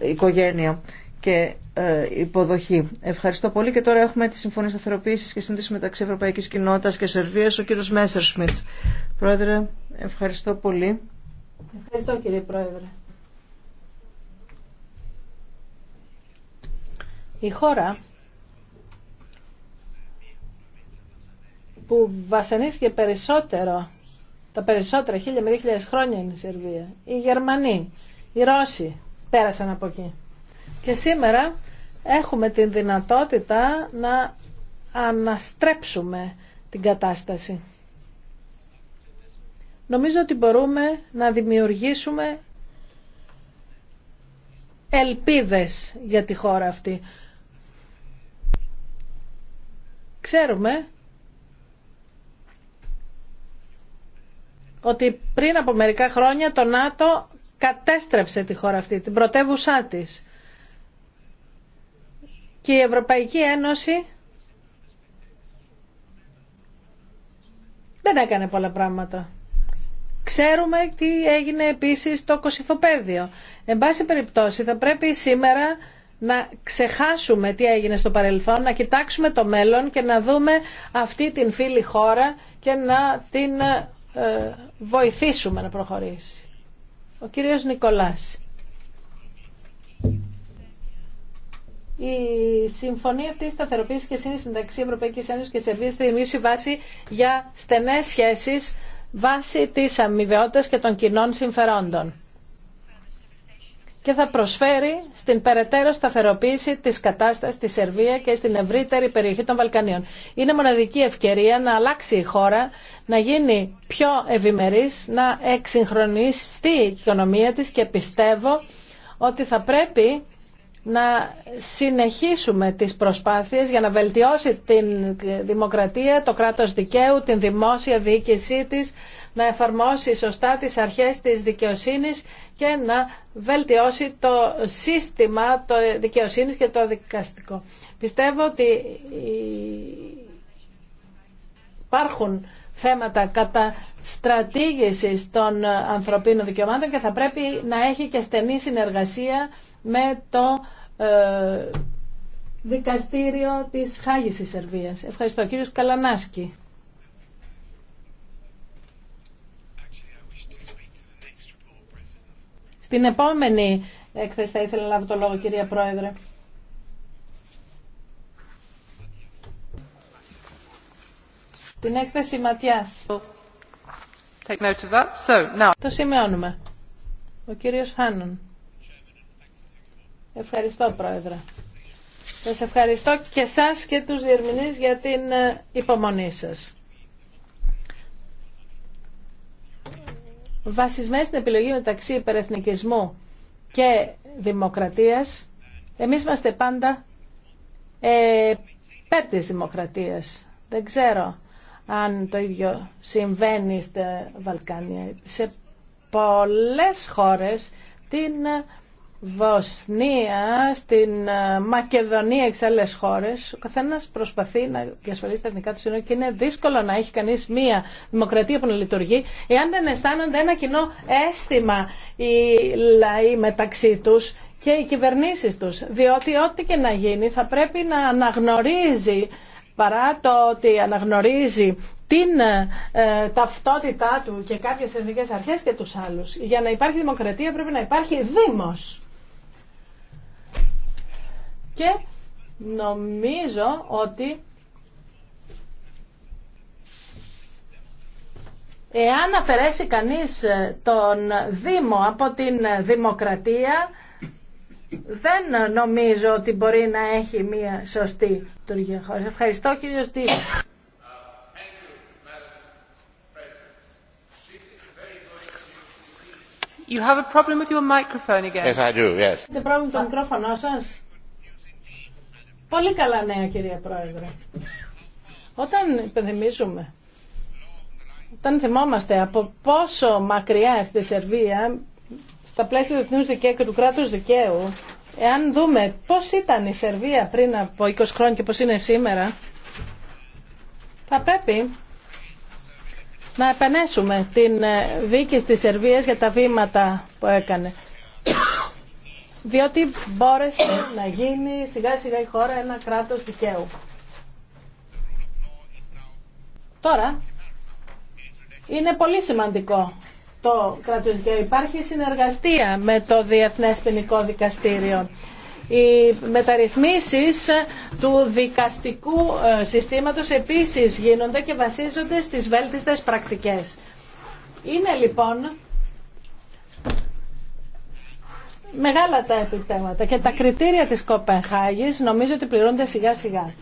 οικογένεια και ε, υποδοχή. Ευχαριστώ πολύ και τώρα έχουμε τη Συμφωνία Σταθεροποίησης και Σύνδεση μεταξύ Ευρωπαϊκής Κοινότητας και Σερβίας, ο κύριος Μέσερ Σμιτς. Πρόεδρε, ευχαριστώ πολύ. Ευχαριστώ κύριε Πρόεδρε. Η χώρα που βασανίστηκε περισσότερο τα περισσότερα χίλια με δύο χρόνια είναι η Σερβία. Οι Γερμανοί, οι Ρώσοι πέρασαν από εκεί. Και σήμερα έχουμε την δυνατότητα να αναστρέψουμε την κατάσταση νομίζω ότι μπορούμε να δημιουργήσουμε ελπίδες για τη χώρα αυτή. Ξέρουμε ότι πριν από μερικά χρόνια το ΝΑΤΟ κατέστρεψε τη χώρα αυτή, την πρωτεύουσά της. Και η Ευρωπαϊκή Ένωση δεν έκανε πολλά πράγματα. Ξέρουμε τι έγινε επίσης στο Κωσυφοπαίδιο. Εν πάση περιπτώσει θα πρέπει σήμερα να ξεχάσουμε τι έγινε στο παρελθόν, να κοιτάξουμε το μέλλον και να δούμε αυτή την φίλη χώρα και να την ε, βοηθήσουμε να προχωρήσει. Ο κύριος Νικολάς. Η συμφωνία αυτή σταθεροποίηση και σύνδεση μεταξύ Ευρωπαϊκή Ένωση και Σερβία θα δημιουργήσει βάση για στενέ σχέσει βάσει της αμοιβαιότητας και των κοινών συμφερόντων και θα προσφέρει στην περαιτέρω σταθεροποίηση της κατάστασης στη Σερβία και στην ευρύτερη περιοχή των Βαλκανίων. Είναι μοναδική ευκαιρία να αλλάξει η χώρα, να γίνει πιο ευημερής, να εξυγχρονιστεί η οικονομία της και πιστεύω ότι θα πρέπει να συνεχίσουμε τις προσπάθειες για να βελτιώσει την δημοκρατία, το κράτος δικαίου, την δημόσια διοίκησή της, να εφαρμόσει σωστά τις αρχές της δικαιοσύνης και να βελτιώσει το σύστημα το δικαιοσύνης και το δικαστικό. Πιστεύω ότι υπάρχουν θέματα κατά στρατήγησης των ανθρωπίνων δικαιωμάτων και θα πρέπει να έχει και στενή συνεργασία με το ε, δικαστήριο της Χάγης της Σερβίας. Ευχαριστώ κύριος Καλανάσκη. Στην επόμενη έκθεση θα ήθελα να λάβω το λόγο κυρία Πρόεδρε. την έκθεση Ματιάς. Το σημειώνουμε. Ο κύριος Χάνων. Ευχαριστώ, Πρόεδρε. Σας ευχαριστώ και σας και τους διερμηνείς για την ε, υπομονή σας. Βασισμένη στην επιλογή μεταξύ υπερεθνικισμού και δημοκρατίας, εμείς είμαστε πάντα ε, δημοκρατία. της δημοκρατίας. Δεν ξέρω αν το ίδιο συμβαίνει στα Βαλκάνια. Σε πολλές χώρες, την ε, Βοσνία, στην ε, Μακεδονία και σε άλλες χώρες, ο καθένας προσπαθεί να διασφαλίσει τα εθνικά του σύνορα και είναι δύσκολο να έχει κανείς μία δημοκρατία που να λειτουργεί εάν δεν αισθάνονται ένα κοινό αίσθημα οι λαοί μεταξύ τους και οι κυβερνήσεις τους. Διότι ό,τι και να γίνει θα πρέπει να αναγνωρίζει παρά το ότι αναγνωρίζει την ε, ταυτότητά του και κάποιες εθνικές αρχές και τους άλλους. Για να υπάρχει δημοκρατία πρέπει να υπάρχει δήμος. Και νομίζω ότι εάν αφαιρέσει κανείς ε, τον Δήμο από την δημοκρατία δεν νομίζω ότι μπορεί να έχει μια σωστή λειτουργία χώρα. Ευχαριστώ κύριο Στίβ. Uh, you have a problem with your microphone again. Yes, I do, yes. Έχετε πρόβλημα με το μικρόφωνο σας. Πολύ καλά νέα, κυρία Πρόεδρε. Όταν υπενθυμίζουμε, όταν θυμόμαστε από πόσο μακριά έρχεται η Σερβία στα πλαίσια του Εθνούς Δικαίου και του κράτους δικαίου, εάν δούμε πώς ήταν η Σερβία πριν από 20 χρόνια και πώς είναι σήμερα, θα πρέπει να επενέσουμε την ε, δίκη στη Σερβία για τα βήματα που έκανε. Διότι μπόρεσε να γίνει σιγά σιγά η χώρα ένα κράτος δικαίου. Τώρα, είναι πολύ σημαντικό το Υπάρχει συνεργαστία με το Διεθνές Ποινικό Δικαστήριο. Οι μεταρρυθμίσεις του δικαστικού ε, συστήματος επίσης γίνονται και βασίζονται στις βέλτιστες πρακτικές. Είναι λοιπόν μεγάλα τα επιτέματα και τα κριτήρια της Κοπενχάγης νομίζω ότι πληρούνται σιγά σιγά.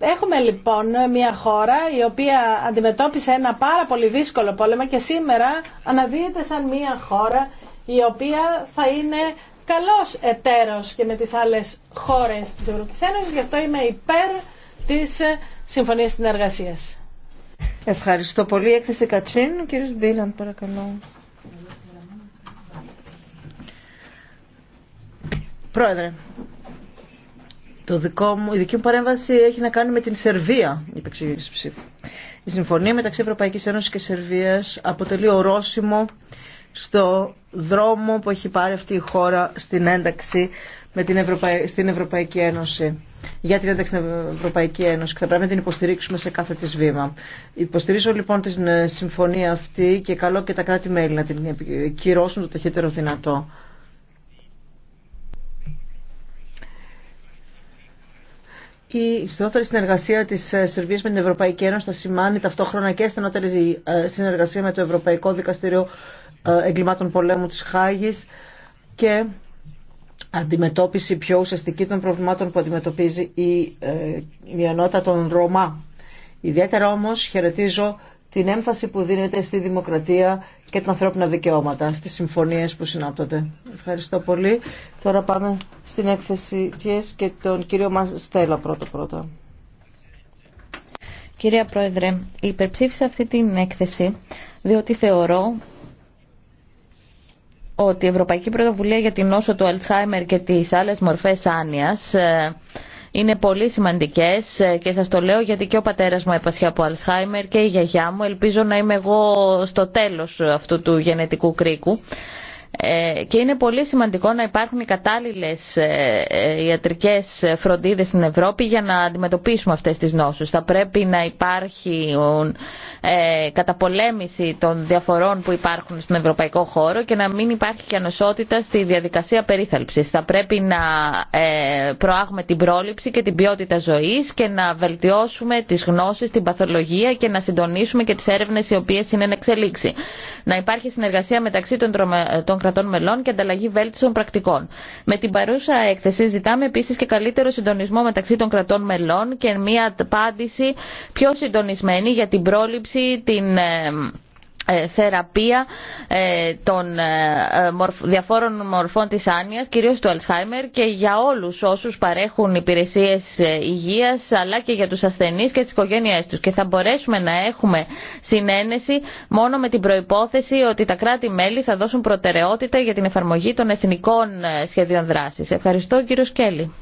Έχουμε λοιπόν μια χώρα η οποία αντιμετώπισε ένα πάρα πολύ δύσκολο πόλεμο και σήμερα αναδύεται σαν μια χώρα η οποία θα είναι καλός εταίρος και με τις άλλες χώρες της Ευρωπαϊκής Ένωσης, γι' αυτό είμαι υπέρ της Συμφωνίας Συνεργασίας. Ευχαριστώ πολύ. Έκθεση Κατσίν. Κύριος Μπίλαν, παρακαλώ. Πρόεδρε, το δικό μου, η δική μου παρέμβαση έχει να κάνει με την Σερβία, υπεξήγηση ψήφου. Η συμφωνία μεταξύ Ευρωπαϊκής Ένωσης και Σερβίας αποτελεί ορόσημο στο δρόμο που έχει πάρει αυτή η χώρα στην ένταξη με την στην Ευρωπαϊκή Ένωση. Για την ένταξη στην Ευρωπαϊκή Ένωση θα πρέπει να την υποστηρίξουμε σε κάθε της βήμα. Υποστηρίζω λοιπόν τη ε, συμφωνία αυτή και καλό και τα κράτη-μέλη να την κυρώσουν το ταχύτερο δυνατό. η στενότερη συνεργασία τη ε, Σερβία με την Ευρωπαϊκή Ένωση θα σημάνει ταυτόχρονα και στενότερη ε, συνεργασία με το Ευρωπαϊκό Δικαστήριο ε, Εγκλημάτων Πολέμου τη Χάγη και αντιμετώπιση πιο ουσιαστική των προβλημάτων που αντιμετωπίζει η μειονότητα των Ρωμά. Ιδιαίτερα όμως χαιρετίζω την έμφαση που δίνεται στη δημοκρατία, και τα ανθρώπινα δικαιώματα στις συμφωνίες που συνάπτονται. Ευχαριστώ πολύ. Τώρα πάμε στην έκθεση της και τον κύριο μας Στέλλα πρώτα-πρώτα. Κυρία Πρόεδρε, υπερψήφισα αυτή την έκθεση διότι θεωρώ ότι η Ευρωπαϊκή Πρωτοβουλία για την νόσο του Αλτσχάιμερ και τις άλλες μορφές άνοιας ε, είναι πολύ σημαντικές ε, και σας το λέω γιατί και ο πατέρας μου έπασχε από Αλσχάιμερ και η γιαγιά μου. Ελπίζω να είμαι εγώ στο τέλος αυτού του γενετικού κρίκου. Ε, και είναι πολύ σημαντικό να υπάρχουν οι κατάλληλες ε, ε, ιατρικές φροντίδες στην Ευρώπη για να αντιμετωπίσουμε αυτές τις νόσους. Θα πρέπει να υπάρχει καταπολέμηση των διαφορών που υπάρχουν στον ευρωπαϊκό χώρο και να μην υπάρχει και ανοσότητα στη διαδικασία περίθαλψης. Θα πρέπει να προάγουμε την πρόληψη και την ποιότητα ζωής και να βελτιώσουμε τις γνώσεις, την παθολογία και να συντονίσουμε και τις έρευνες οι οποίες είναι εξελίξη να υπάρχει συνεργασία μεταξύ των, κρατών μελών και ανταλλαγή βέλτιστων πρακτικών. Με την παρούσα έκθεση ζητάμε επίση και καλύτερο συντονισμό μεταξύ των κρατών μελών και μια απάντηση πιο συντονισμένη για την πρόληψη, την ε, ε, θεραπεία ε, των ε, διαφόρων μορφών της άνοιας, κυρίως του Αλσχάιμερ και για όλους όσους παρέχουν υπηρεσίες υγείας αλλά και για τους ασθενείς και τις οικογένειές τους. Και θα μπορέσουμε να έχουμε συνένεση μόνο με την προϋπόθεση ότι τα κράτη-μέλη θα δώσουν προτεραιότητα για την εφαρμογή των εθνικών σχεδίων δράσης. Ευχαριστώ κύριο Σκέλη.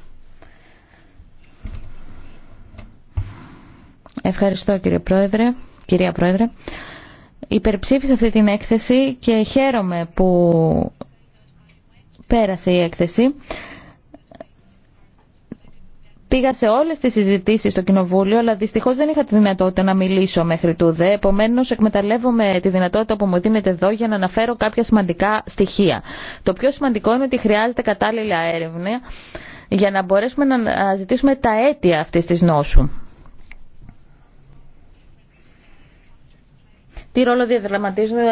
Ευχαριστώ κύριε Πρόεδρε, κυρία Πρόεδρε υπερψήφισα αυτή την έκθεση και χαίρομαι που πέρασε η έκθεση. Πήγα σε όλε τι συζητήσει στο Κοινοβούλιο, αλλά δυστυχώ δεν είχα τη δυνατότητα να μιλήσω μέχρι τούδε. Επομένω, εκμεταλλεύομαι τη δυνατότητα που μου δίνεται εδώ για να αναφέρω κάποια σημαντικά στοιχεία. Το πιο σημαντικό είναι ότι χρειάζεται κατάλληλα έρευνα για να μπορέσουμε να ζητήσουμε τα αίτια αυτή τη νόσου. τι ρόλο διαδραματίζουν ε,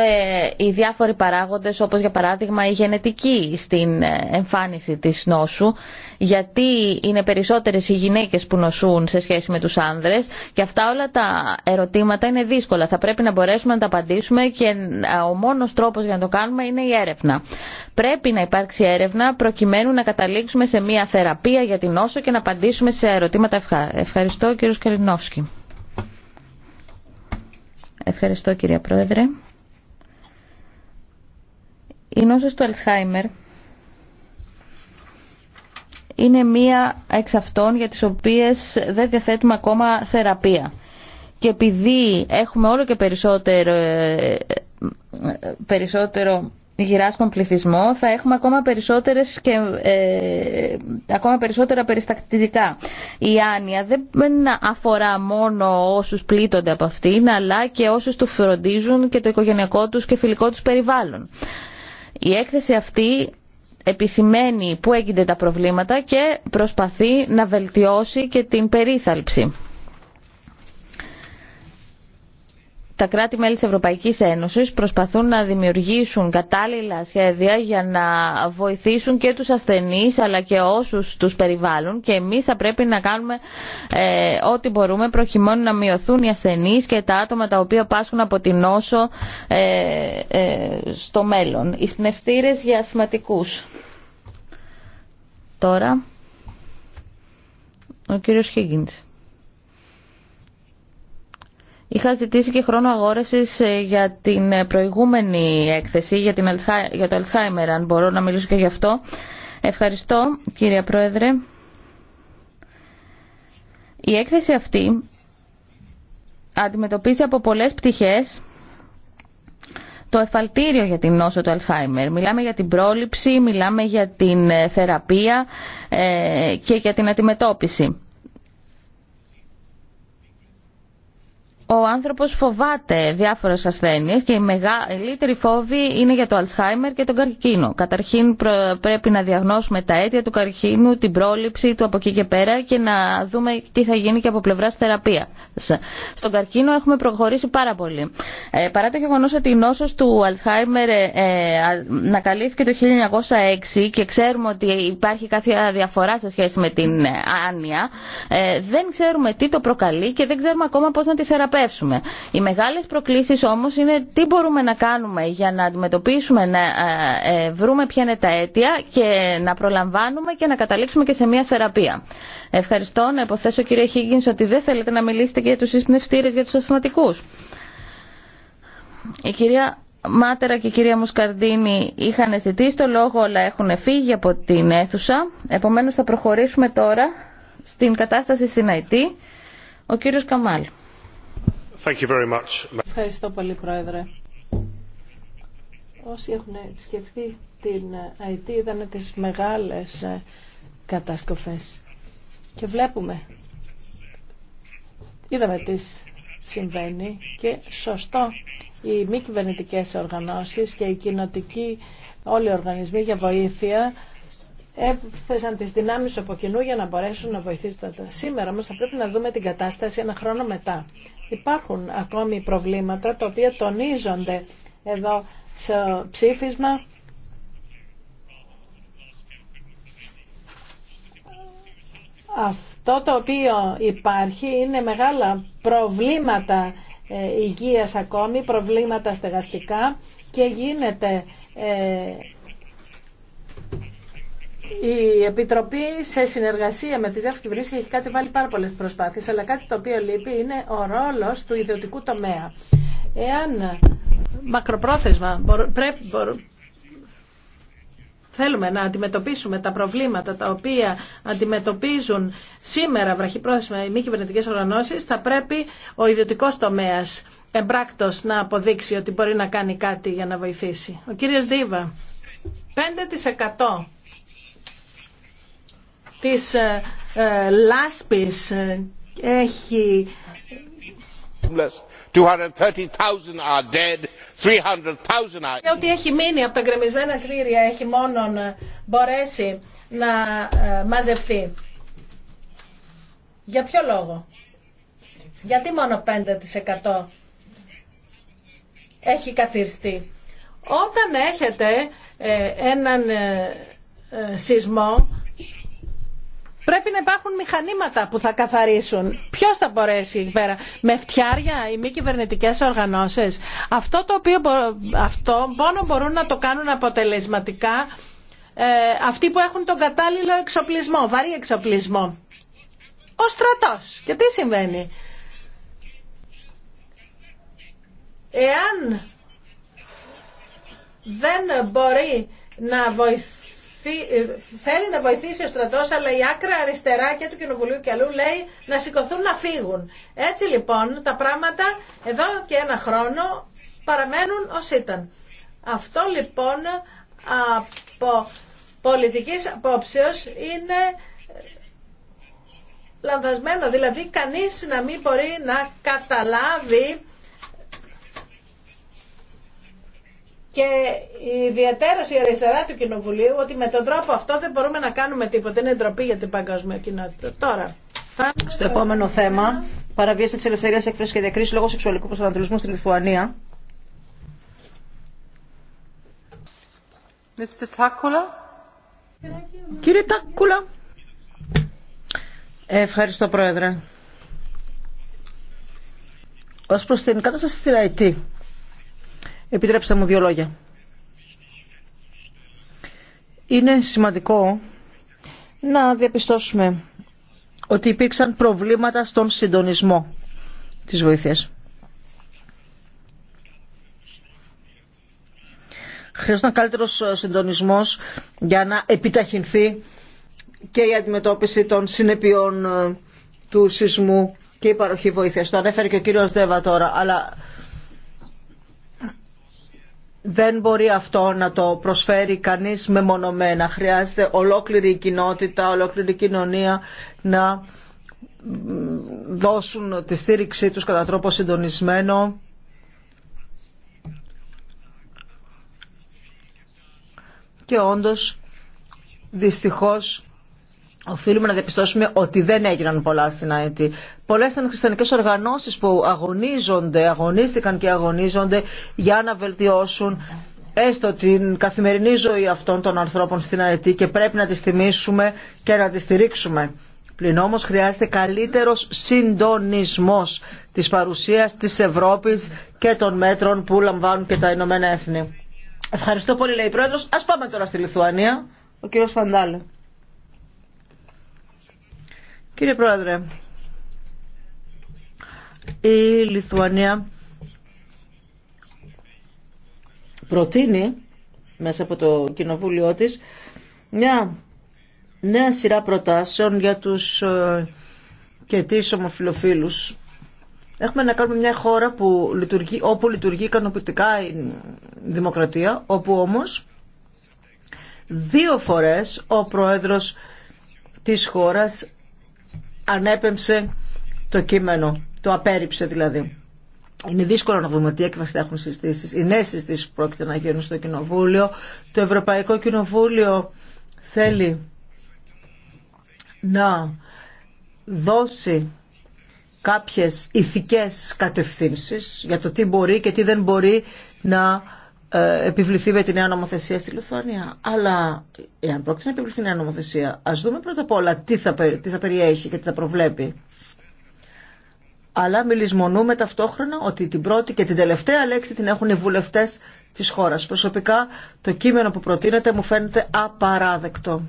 οι διάφοροι παράγοντες όπως για παράδειγμα η γενετική στην ε, εμφάνιση της νόσου γιατί είναι περισσότερες οι γυναίκες που νοσούν σε σχέση με τους άνδρες και αυτά όλα τα ερωτήματα είναι δύσκολα. Θα πρέπει να μπορέσουμε να τα απαντήσουμε και ε, ο μόνος τρόπος για να το κάνουμε είναι η έρευνα. Πρέπει να υπάρξει έρευνα προκειμένου να καταλήξουμε σε μια θεραπεία για την νόσο και να απαντήσουμε σε ερωτήματα. Ευχαριστώ κύριο Καλινόφσκι. Ευχαριστώ κυρία Πρόεδρε. Η νόσος του Αλσχάιμερ είναι μία εξ αυτών για τις οποίες δεν διαθέτουμε ακόμα θεραπεία. Και επειδή έχουμε όλο και περισσότερο, ε, ε, ε, περισσότερο γυράσκων πληθυσμό θα έχουμε ακόμα, περισσότερες και, ε, ακόμα περισσότερα περιστακτικά. Η άνοια δεν αφορά μόνο όσους πλήττονται από αυτήν αλλά και όσους του φροντίζουν και το οικογενειακό τους και φιλικό τους περιβάλλον. Η έκθεση αυτή επισημαίνει που έγινε τα προβλήματα και προσπαθεί να βελτιώσει και την περίθαλψη. τα κράτη-μέλη της Ευρωπαϊκής Ένωσης προσπαθούν να δημιουργήσουν κατάλληλα σχέδια για να βοηθήσουν και τους ασθενείς αλλά και όσους τους περιβάλλουν και εμείς θα πρέπει να κάνουμε ε, ό,τι μπορούμε προκειμένου να μειωθούν οι ασθενείς και τα άτομα τα οποία πάσχουν από την νόσο ε, ε, στο μέλλον. Οι πνευστήρες για ασθηματικούς. Τώρα, ο κύριος Χίγκιν. Είχα ζητήσει και χρόνο αγόρευσης ε, για την ε, προηγούμενη έκθεση, για, την για το αλσχάιμερ, αν μπορώ να μιλήσω και γι' αυτό. Ευχαριστώ, κύριε Πρόεδρε. Η έκθεση αυτή αντιμετωπίζει από πολλές πτυχές το εφαλτήριο για την νόσο του Αλσχάιμερ. Μιλάμε για την πρόληψη, μιλάμε για την ε, θεραπεία και για την αντιμετώπιση. ο άνθρωπος φοβάται διάφορες ασθένειες και η μεγαλύτεροι φόβη είναι για το Αλσχάιμερ και τον καρκίνο. Καταρχήν πρέπει να διαγνώσουμε τα αίτια του καρκίνου, την πρόληψη του από εκεί και πέρα και να δούμε τι θα γίνει και από πλευρά θεραπεία. Στον καρκίνο έχουμε προχωρήσει πάρα πολύ. Ε, παρά το γεγονό ότι η νόσος του Αλσχάιμερ ε, ε, ανακαλύφθηκε το 1906 και ξέρουμε ότι υπάρχει κάποια διαφορά σε σχέση με την ε, άνοια, ε, δεν ξέρουμε τι το προκαλεί και δεν ξέρουμε ακόμα πώς να τη θεραπεύσουμε. Οι μεγάλες προκλήσεις όμως είναι τι μπορούμε να κάνουμε για να αντιμετωπίσουμε, να ε, ε, βρούμε ποια είναι τα αίτια και να προλαμβάνουμε και να καταλήξουμε και σε μια θεραπεία. Ευχαριστώ να υποθέσω κύριε Χίγγινς ότι δεν θέλετε να μιλήσετε για τους εισπνευστήρες, για τους ασθηματικούς. Η κυρία Μάτερα και η κυρία Μουσκαρδίνη είχαν ζητήσει το λόγο, αλλά έχουν φύγει από την αίθουσα. Επομένως θα προχωρήσουμε τώρα στην κατάσταση στην ΑΕΤ. Ο κύριος Καμάλ. Ευχαριστώ πολύ, Πρόεδρε. Όσοι έχουν επισκεφθεί την ΑΕΤ είδαν τις μεγάλες ε, κατασκοφές και βλέπουμε, είδαμε τι συμβαίνει και σωστό οι μη κυβερνητικέ οργανώσεις και οι κοινοτικοί όλοι οι οργανισμοί για βοήθεια έφεσαν τις δυνάμει από κοινού για να μπορέσουν να βοηθήσουν. Σήμερα όμως θα πρέπει να δούμε την κατάσταση ένα χρόνο μετά. Υπάρχουν ακόμη προβλήματα τα οποία τονίζονται εδώ σε ψήφισμα Αυτό το οποίο υπάρχει είναι μεγάλα προβλήματα ε, υγείας ακόμη, προβλήματα στεγαστικά και γίνεται ε, η Επιτροπή σε συνεργασία με τη ΔΕΦ κυβέρνηση έχει κάτι βάλει πάρα πολλέ προσπάθειε, αλλά κάτι το οποίο λείπει είναι ο ρόλος του ιδιωτικού τομέα. Εάν μακροπρόθεσμα πρέπει, θέλουμε να αντιμετωπίσουμε τα προβλήματα τα οποία αντιμετωπίζουν σήμερα βραχυπρόθεσμα οι μη κυβερνητικέ οργανώσει, θα πρέπει ο ιδιωτικό τομέα εμπράκτο να αποδείξει ότι μπορεί να κάνει κάτι για να βοηθήσει. Ο κύριο Δίβα. 5% της ε, ε, λάσπης ε, έχει 230,000 are dead, 300,000 Ότι έχει μείνει από τα γκρεμισμένα κτίρια έχει μόνον μπορέσει να μαζευτεί. Για ποιο λόγο. Γιατί μόνο 5% έχει καθιστεί. Όταν έχετε έναν σεισμό Πρέπει να υπάρχουν μηχανήματα που θα καθαρίσουν. Ποιο θα μπορέσει εκεί πέρα, με φτιάρια ή μη κυβερνητικέ οργανώσει. Αυτό το οποίο αυτό μόνο μπορούν να το κάνουν αποτελεσματικά ε, αυτοί που έχουν τον κατάλληλο εξοπλισμό, βαρύ εξοπλισμό. Ο στρατός. Και τι συμβαίνει. Εάν δεν μπορεί να βοηθήσει ε, θέλει να βοηθήσει ο στρατό, αλλά η άκρα αριστερά και του Κοινοβουλίου και αλλού λέει να σηκωθούν να φύγουν. Έτσι λοιπόν τα πράγματα εδώ και ένα χρόνο παραμένουν ως ήταν. Αυτό λοιπόν από πολιτικής απόψεω είναι λανθασμένο. Δηλαδή κανείς να μην μπορεί να καταλάβει και ιδιαίτερα η αριστερά του Κοινοβουλίου ότι με τον τρόπο αυτό δεν μπορούμε να κάνουμε τίποτα. Είναι ντροπή για την παγκόσμια κοινότητα. Τώρα. Στο επόμενο θέμα, παραβίαση τη ελευθερία έκφραση και διακρίση λόγω σεξουαλικού προσανατολισμού στη Λιθουανία. Κύριε Τάκουλα. Ευχαριστώ, Πρόεδρε. Ως προς την κατάσταση στην ΡΑΙΤΗ. Επιτρέψτε μου δύο λόγια. Είναι σημαντικό να διαπιστώσουμε ότι υπήρξαν προβλήματα στον συντονισμό της βοήθειας. Χρειάζεται καλύτερο συντονισμό για να επιταχυνθεί και η αντιμετώπιση των συνεπειών ε, του σεισμού και η παροχή βοήθειας. Το ανέφερε και ο κύριος Δέβα τώρα, αλλά δεν μπορεί αυτό να το προσφέρει κανείς μεμονωμένα. Χρειάζεται ολόκληρη η κοινότητα, ολόκληρη η κοινωνία να δώσουν τη στήριξή τους κατά τρόπο συντονισμένο. Και όντως, δυστυχώς, Οφείλουμε να διαπιστώσουμε ότι δεν έγιναν πολλά στην ΑΕΤ. Πολλέ ήταν χριστιανικέ οργανώσει που αγωνίζονται, αγωνίστηκαν και αγωνίζονται για να βελτιώσουν έστω την καθημερινή ζωή αυτών των ανθρώπων στην ΑΕΤ και πρέπει να τις τιμήσουμε και να τις στηρίξουμε. Πλην όμω χρειάζεται καλύτερο συντονισμό τη παρουσίας τη Ευρώπη και των μέτρων που λαμβάνουν και τα Ηνωμένα Έθνη. Ευχαριστώ πολύ λέει η Πρόεδρος. Α πάμε τώρα στη Λιθουανία. Ο κύριος Φαντάλε. Κύριε Πρόεδρε, η Λιθουανία προτείνει μέσα από το κοινοβούλιο της μια νέα σειρά προτάσεων για τους ε, και τις ομοφιλοφίλους. Έχουμε να κάνουμε μια χώρα που λειτουργεί, όπου λειτουργεί ικανοποιητικά η δημοκρατία, όπου όμως δύο φορές ο πρόεδρος της χώρας ανέπεμψε το κείμενο, το απέρριψε δηλαδή. Είναι δύσκολο να δούμε τι έκβαση θα έχουν συστήσει. Οι νέε συστήσει πρόκειται να γίνουν στο Κοινοβούλιο. Το Ευρωπαϊκό Κοινοβούλιο θέλει να δώσει κάποιες ηθικές κατευθύνσεις για το τι μπορεί και τι δεν μπορεί να ε, επιβληθεί με τη νέα νομοθεσία στη Λουθόνια. Αλλά εάν πρόκειται να επιβληθεί νέα νομοθεσία, α δούμε πρώτα απ' όλα τι θα, τι θα περιέχει και τι θα προβλέπει. Αλλά μιλισμονούμε ταυτόχρονα ότι την πρώτη και την τελευταία λέξη την έχουν οι βουλευτέ τη χώρα. Προσωπικά το κείμενο που προτείνεται μου φαίνεται απαράδεκτο.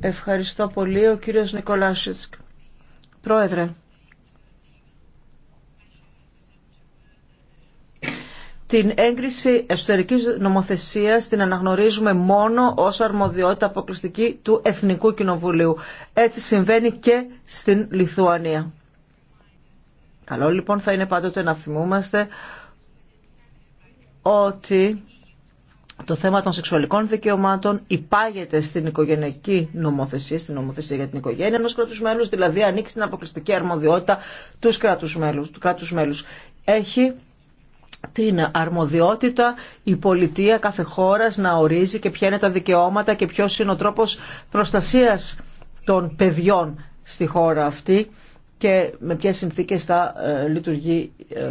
Ευχαριστώ πολύ ο κύριος Νικολάσιτσκ. Πρόεδρε. την έγκριση εσωτερικής νομοθεσίας την αναγνωρίζουμε μόνο ω αρμοδιότητα αποκλειστική του Εθνικού Κοινοβουλίου. Έτσι συμβαίνει και στην Λιθουανία. Καλό λοιπόν θα είναι πάντοτε να θυμούμαστε ότι το θέμα των σεξουαλικών δικαιωμάτων υπάγεται στην οικογενειακή νομοθεσία, στην νομοθεσία για την οικογένεια ενό κράτου μέλου, δηλαδή ανοίξει την αποκλειστική αρμοδιότητα του κράτου μέλου. Έχει την αρμοδιότητα η πολιτεία κάθε χώρας να ορίζει και ποια είναι τα δικαιώματα και ποιος είναι ο τρόπος προστασίας των παιδιών στη χώρα αυτή και με ποιες συνθήκες θα ε, λειτουργεί ε,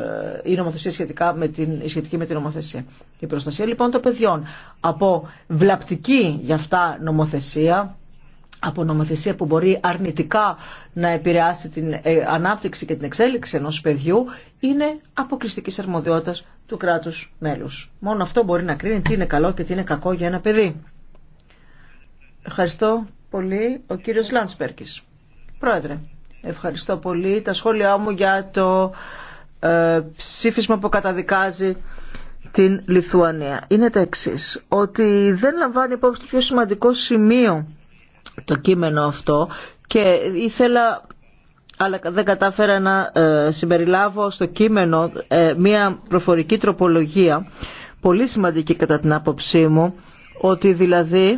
η νομοθεσία σχετικά με την, σχετική με την νομοθεσία. Η προστασία λοιπόν των παιδιών από βλαπτική για αυτά νομοθεσία από νομοθεσία που μπορεί αρνητικά να επηρεάσει την ε, ανάπτυξη και την εξέλιξη ενός παιδιού είναι αποκλειστική αρμοδιότητας του κράτους μέλους. Μόνο αυτό μπορεί να κρίνει τι είναι καλό και τι είναι κακό για ένα παιδί. Ευχαριστώ πολύ ο κύριος Λάντσπερκης. Πρόεδρε, ευχαριστώ πολύ τα σχόλιά μου για το ε, ψήφισμα που καταδικάζει την Λιθουανία. Είναι τα εξής, ότι δεν λαμβάνει υπόψη το πιο σημαντικό σημείο το κείμενο αυτό και ήθελα αλλά δεν κατάφερα να ε, συμπεριλάβω στο κείμενο ε, μία προφορική τροπολογία πολύ σημαντική κατά την άποψή μου ότι δηλαδή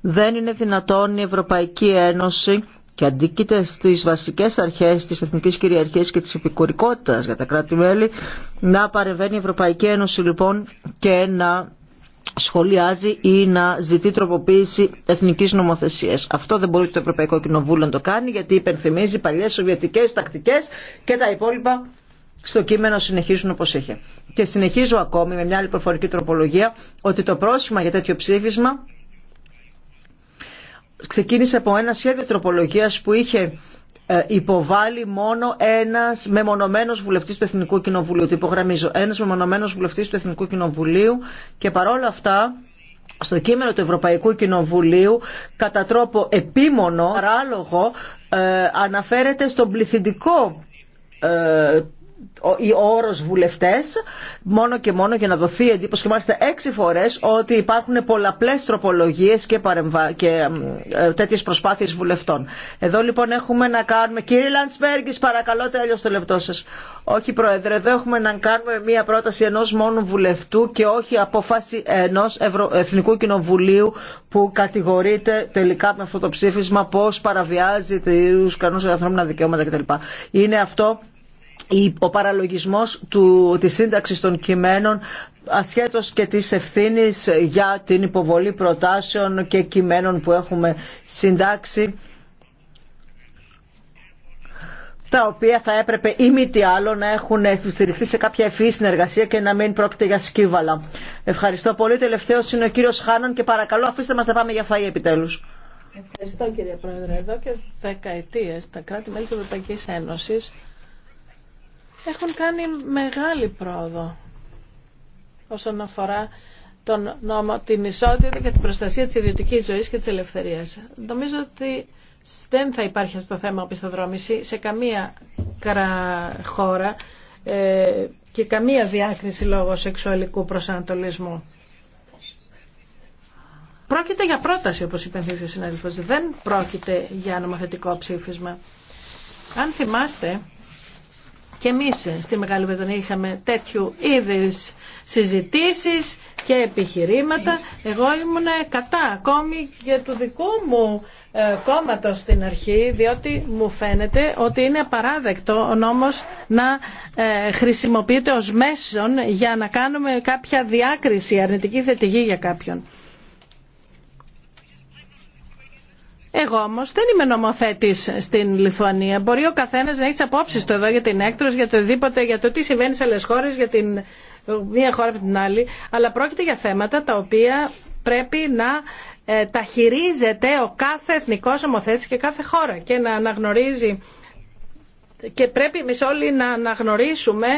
δεν είναι δυνατόν η Ευρωπαϊκή Ένωση και αντίκειται στις βασικές αρχές της εθνικής κυριαρχίας και της επικουρικότητας για τα κράτη-μέλη να παρεμβαίνει η Ευρωπαϊκή Ένωση λοιπόν και να σχολιάζει ή να ζητεί τροποποίηση εθνική νομοθεσία. Αυτό δεν μπορεί το Ευρωπαϊκό Κοινοβούλιο να το κάνει γιατί υπενθυμίζει παλιέ σοβιετικέ, τακτικέ και τα υπόλοιπα στο κείμενο συνεχίζουν όπω είχε. Και συνεχίζω ακόμη με μια άλλη προφορική τροπολογία ότι το πρόσχημα για τέτοιο ψήφισμα ξεκίνησε από ένα σχέδιο τροπολογίας που είχε ε, υποβάλλει μόνο ένα μεμονωμένο βουλευτή του Εθνικού Κοινοβουλίου. Το υπογραμμίζω. Ένα μεμονωμένο βουλευτή του Εθνικού Κοινοβουλίου και παρόλα αυτά στο κείμενο του Ευρωπαϊκού Κοινοβουλίου κατά τρόπο επίμονο, παράλογο, ε, αναφέρεται στον πληθυντικό ε, ο όρο βουλευτέ, μόνο και μόνο για να δοθεί εντύπωση και μάλιστα έξι φορέ ότι υπάρχουν πολλαπλέ τροπολογίε και, παρεμβα... και ε, τέτοιες προσπάθειες βουλευτών. Εδώ λοιπόν έχουμε να κάνουμε... Κύριε Λαντσπέργκη, παρακαλώ τέλειω το λεπτό σα. Όχι Πρόεδρε, εδώ έχουμε να κάνουμε μία πρόταση ενό μόνο βουλευτού και όχι απόφαση ενό Ευρω... Εθνικού Κοινοβουλίου που κατηγορείται τελικά με αυτό το ψήφισμα πώ παραβιάζει του κανόνε για ανθρώπινα δικαιώματα κτλ. Είναι αυτό ο παραλογισμός του, της σύνταξης των κειμένων ασχέτως και της ευθύνης για την υποβολή προτάσεων και κειμένων που έχουμε συντάξει τα οποία θα έπρεπε ή μη τι άλλο να έχουν στηριχθεί σε κάποια ευφυή συνεργασία και να μην πρόκειται για σκύβαλα. Ευχαριστώ πολύ. Τελευταίο είναι ο κύριο Χάνων και παρακαλώ αφήστε μα να πάμε για φαΐ επιτέλου. Ευχαριστώ κύριε Πρόεδρε. Εδώ και δεκαετίε τα κράτη-μέλη τη Ευρωπαϊκή Ένωση έχουν κάνει μεγάλη πρόοδο όσον αφορά τον νόμο, την ισότητα και την προστασία της ιδιωτικής ζωής και της ελευθερίας. Νομίζω ότι δεν θα υπάρχει αυτό το θέμα οπισθοδρόμηση σε καμία χώρα ε, και καμία διάκριση λόγω σεξουαλικού προσανατολισμού. Πρόκειται για πρόταση, όπως είπε ο συνάδελφος. Δεν πρόκειται για νομοθετικό ψήφισμα. Αν θυμάστε, και εμεί στη Μεγάλη Βρετανία είχαμε τέτοιου είδους συζητήσεις και επιχειρήματα. Εγώ ήμουν κατά ακόμη και του δικού μου ε, κόμματο στην αρχή, διότι μου φαίνεται ότι είναι απαράδεκτο ο νόμος να ε, χρησιμοποιείται ω μέσον για να κάνουμε κάποια διάκριση αρνητική θετική για κάποιον. Εγώ όμω δεν είμαι νομοθέτη στην Λιθουανία. Μπορεί ο καθένα να έχει τι απόψει του εδώ για την έκτρο, για το οτιδήποτε, για το τι συμβαίνει σε άλλε χώρε, για την μία χώρα από την άλλη. Αλλά πρόκειται για θέματα τα οποία πρέπει να ε, τα χειρίζεται ο κάθε εθνικό νομοθέτη και κάθε χώρα και να αναγνωρίζει και πρέπει εμεί όλοι να αναγνωρίσουμε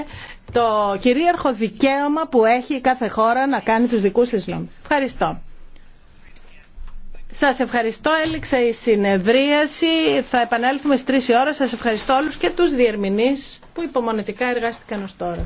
το κυρίαρχο δικαίωμα που έχει κάθε χώρα να κάνει τους δικούς της νόμους. Ευχαριστώ. Σας ευχαριστώ, έληξε η συνεδρίαση. Θα επανέλθουμε στις 3 η ώρα. Σας ευχαριστώ όλους και τους διερμηνείς που υπομονετικά εργάστηκαν ως τώρα.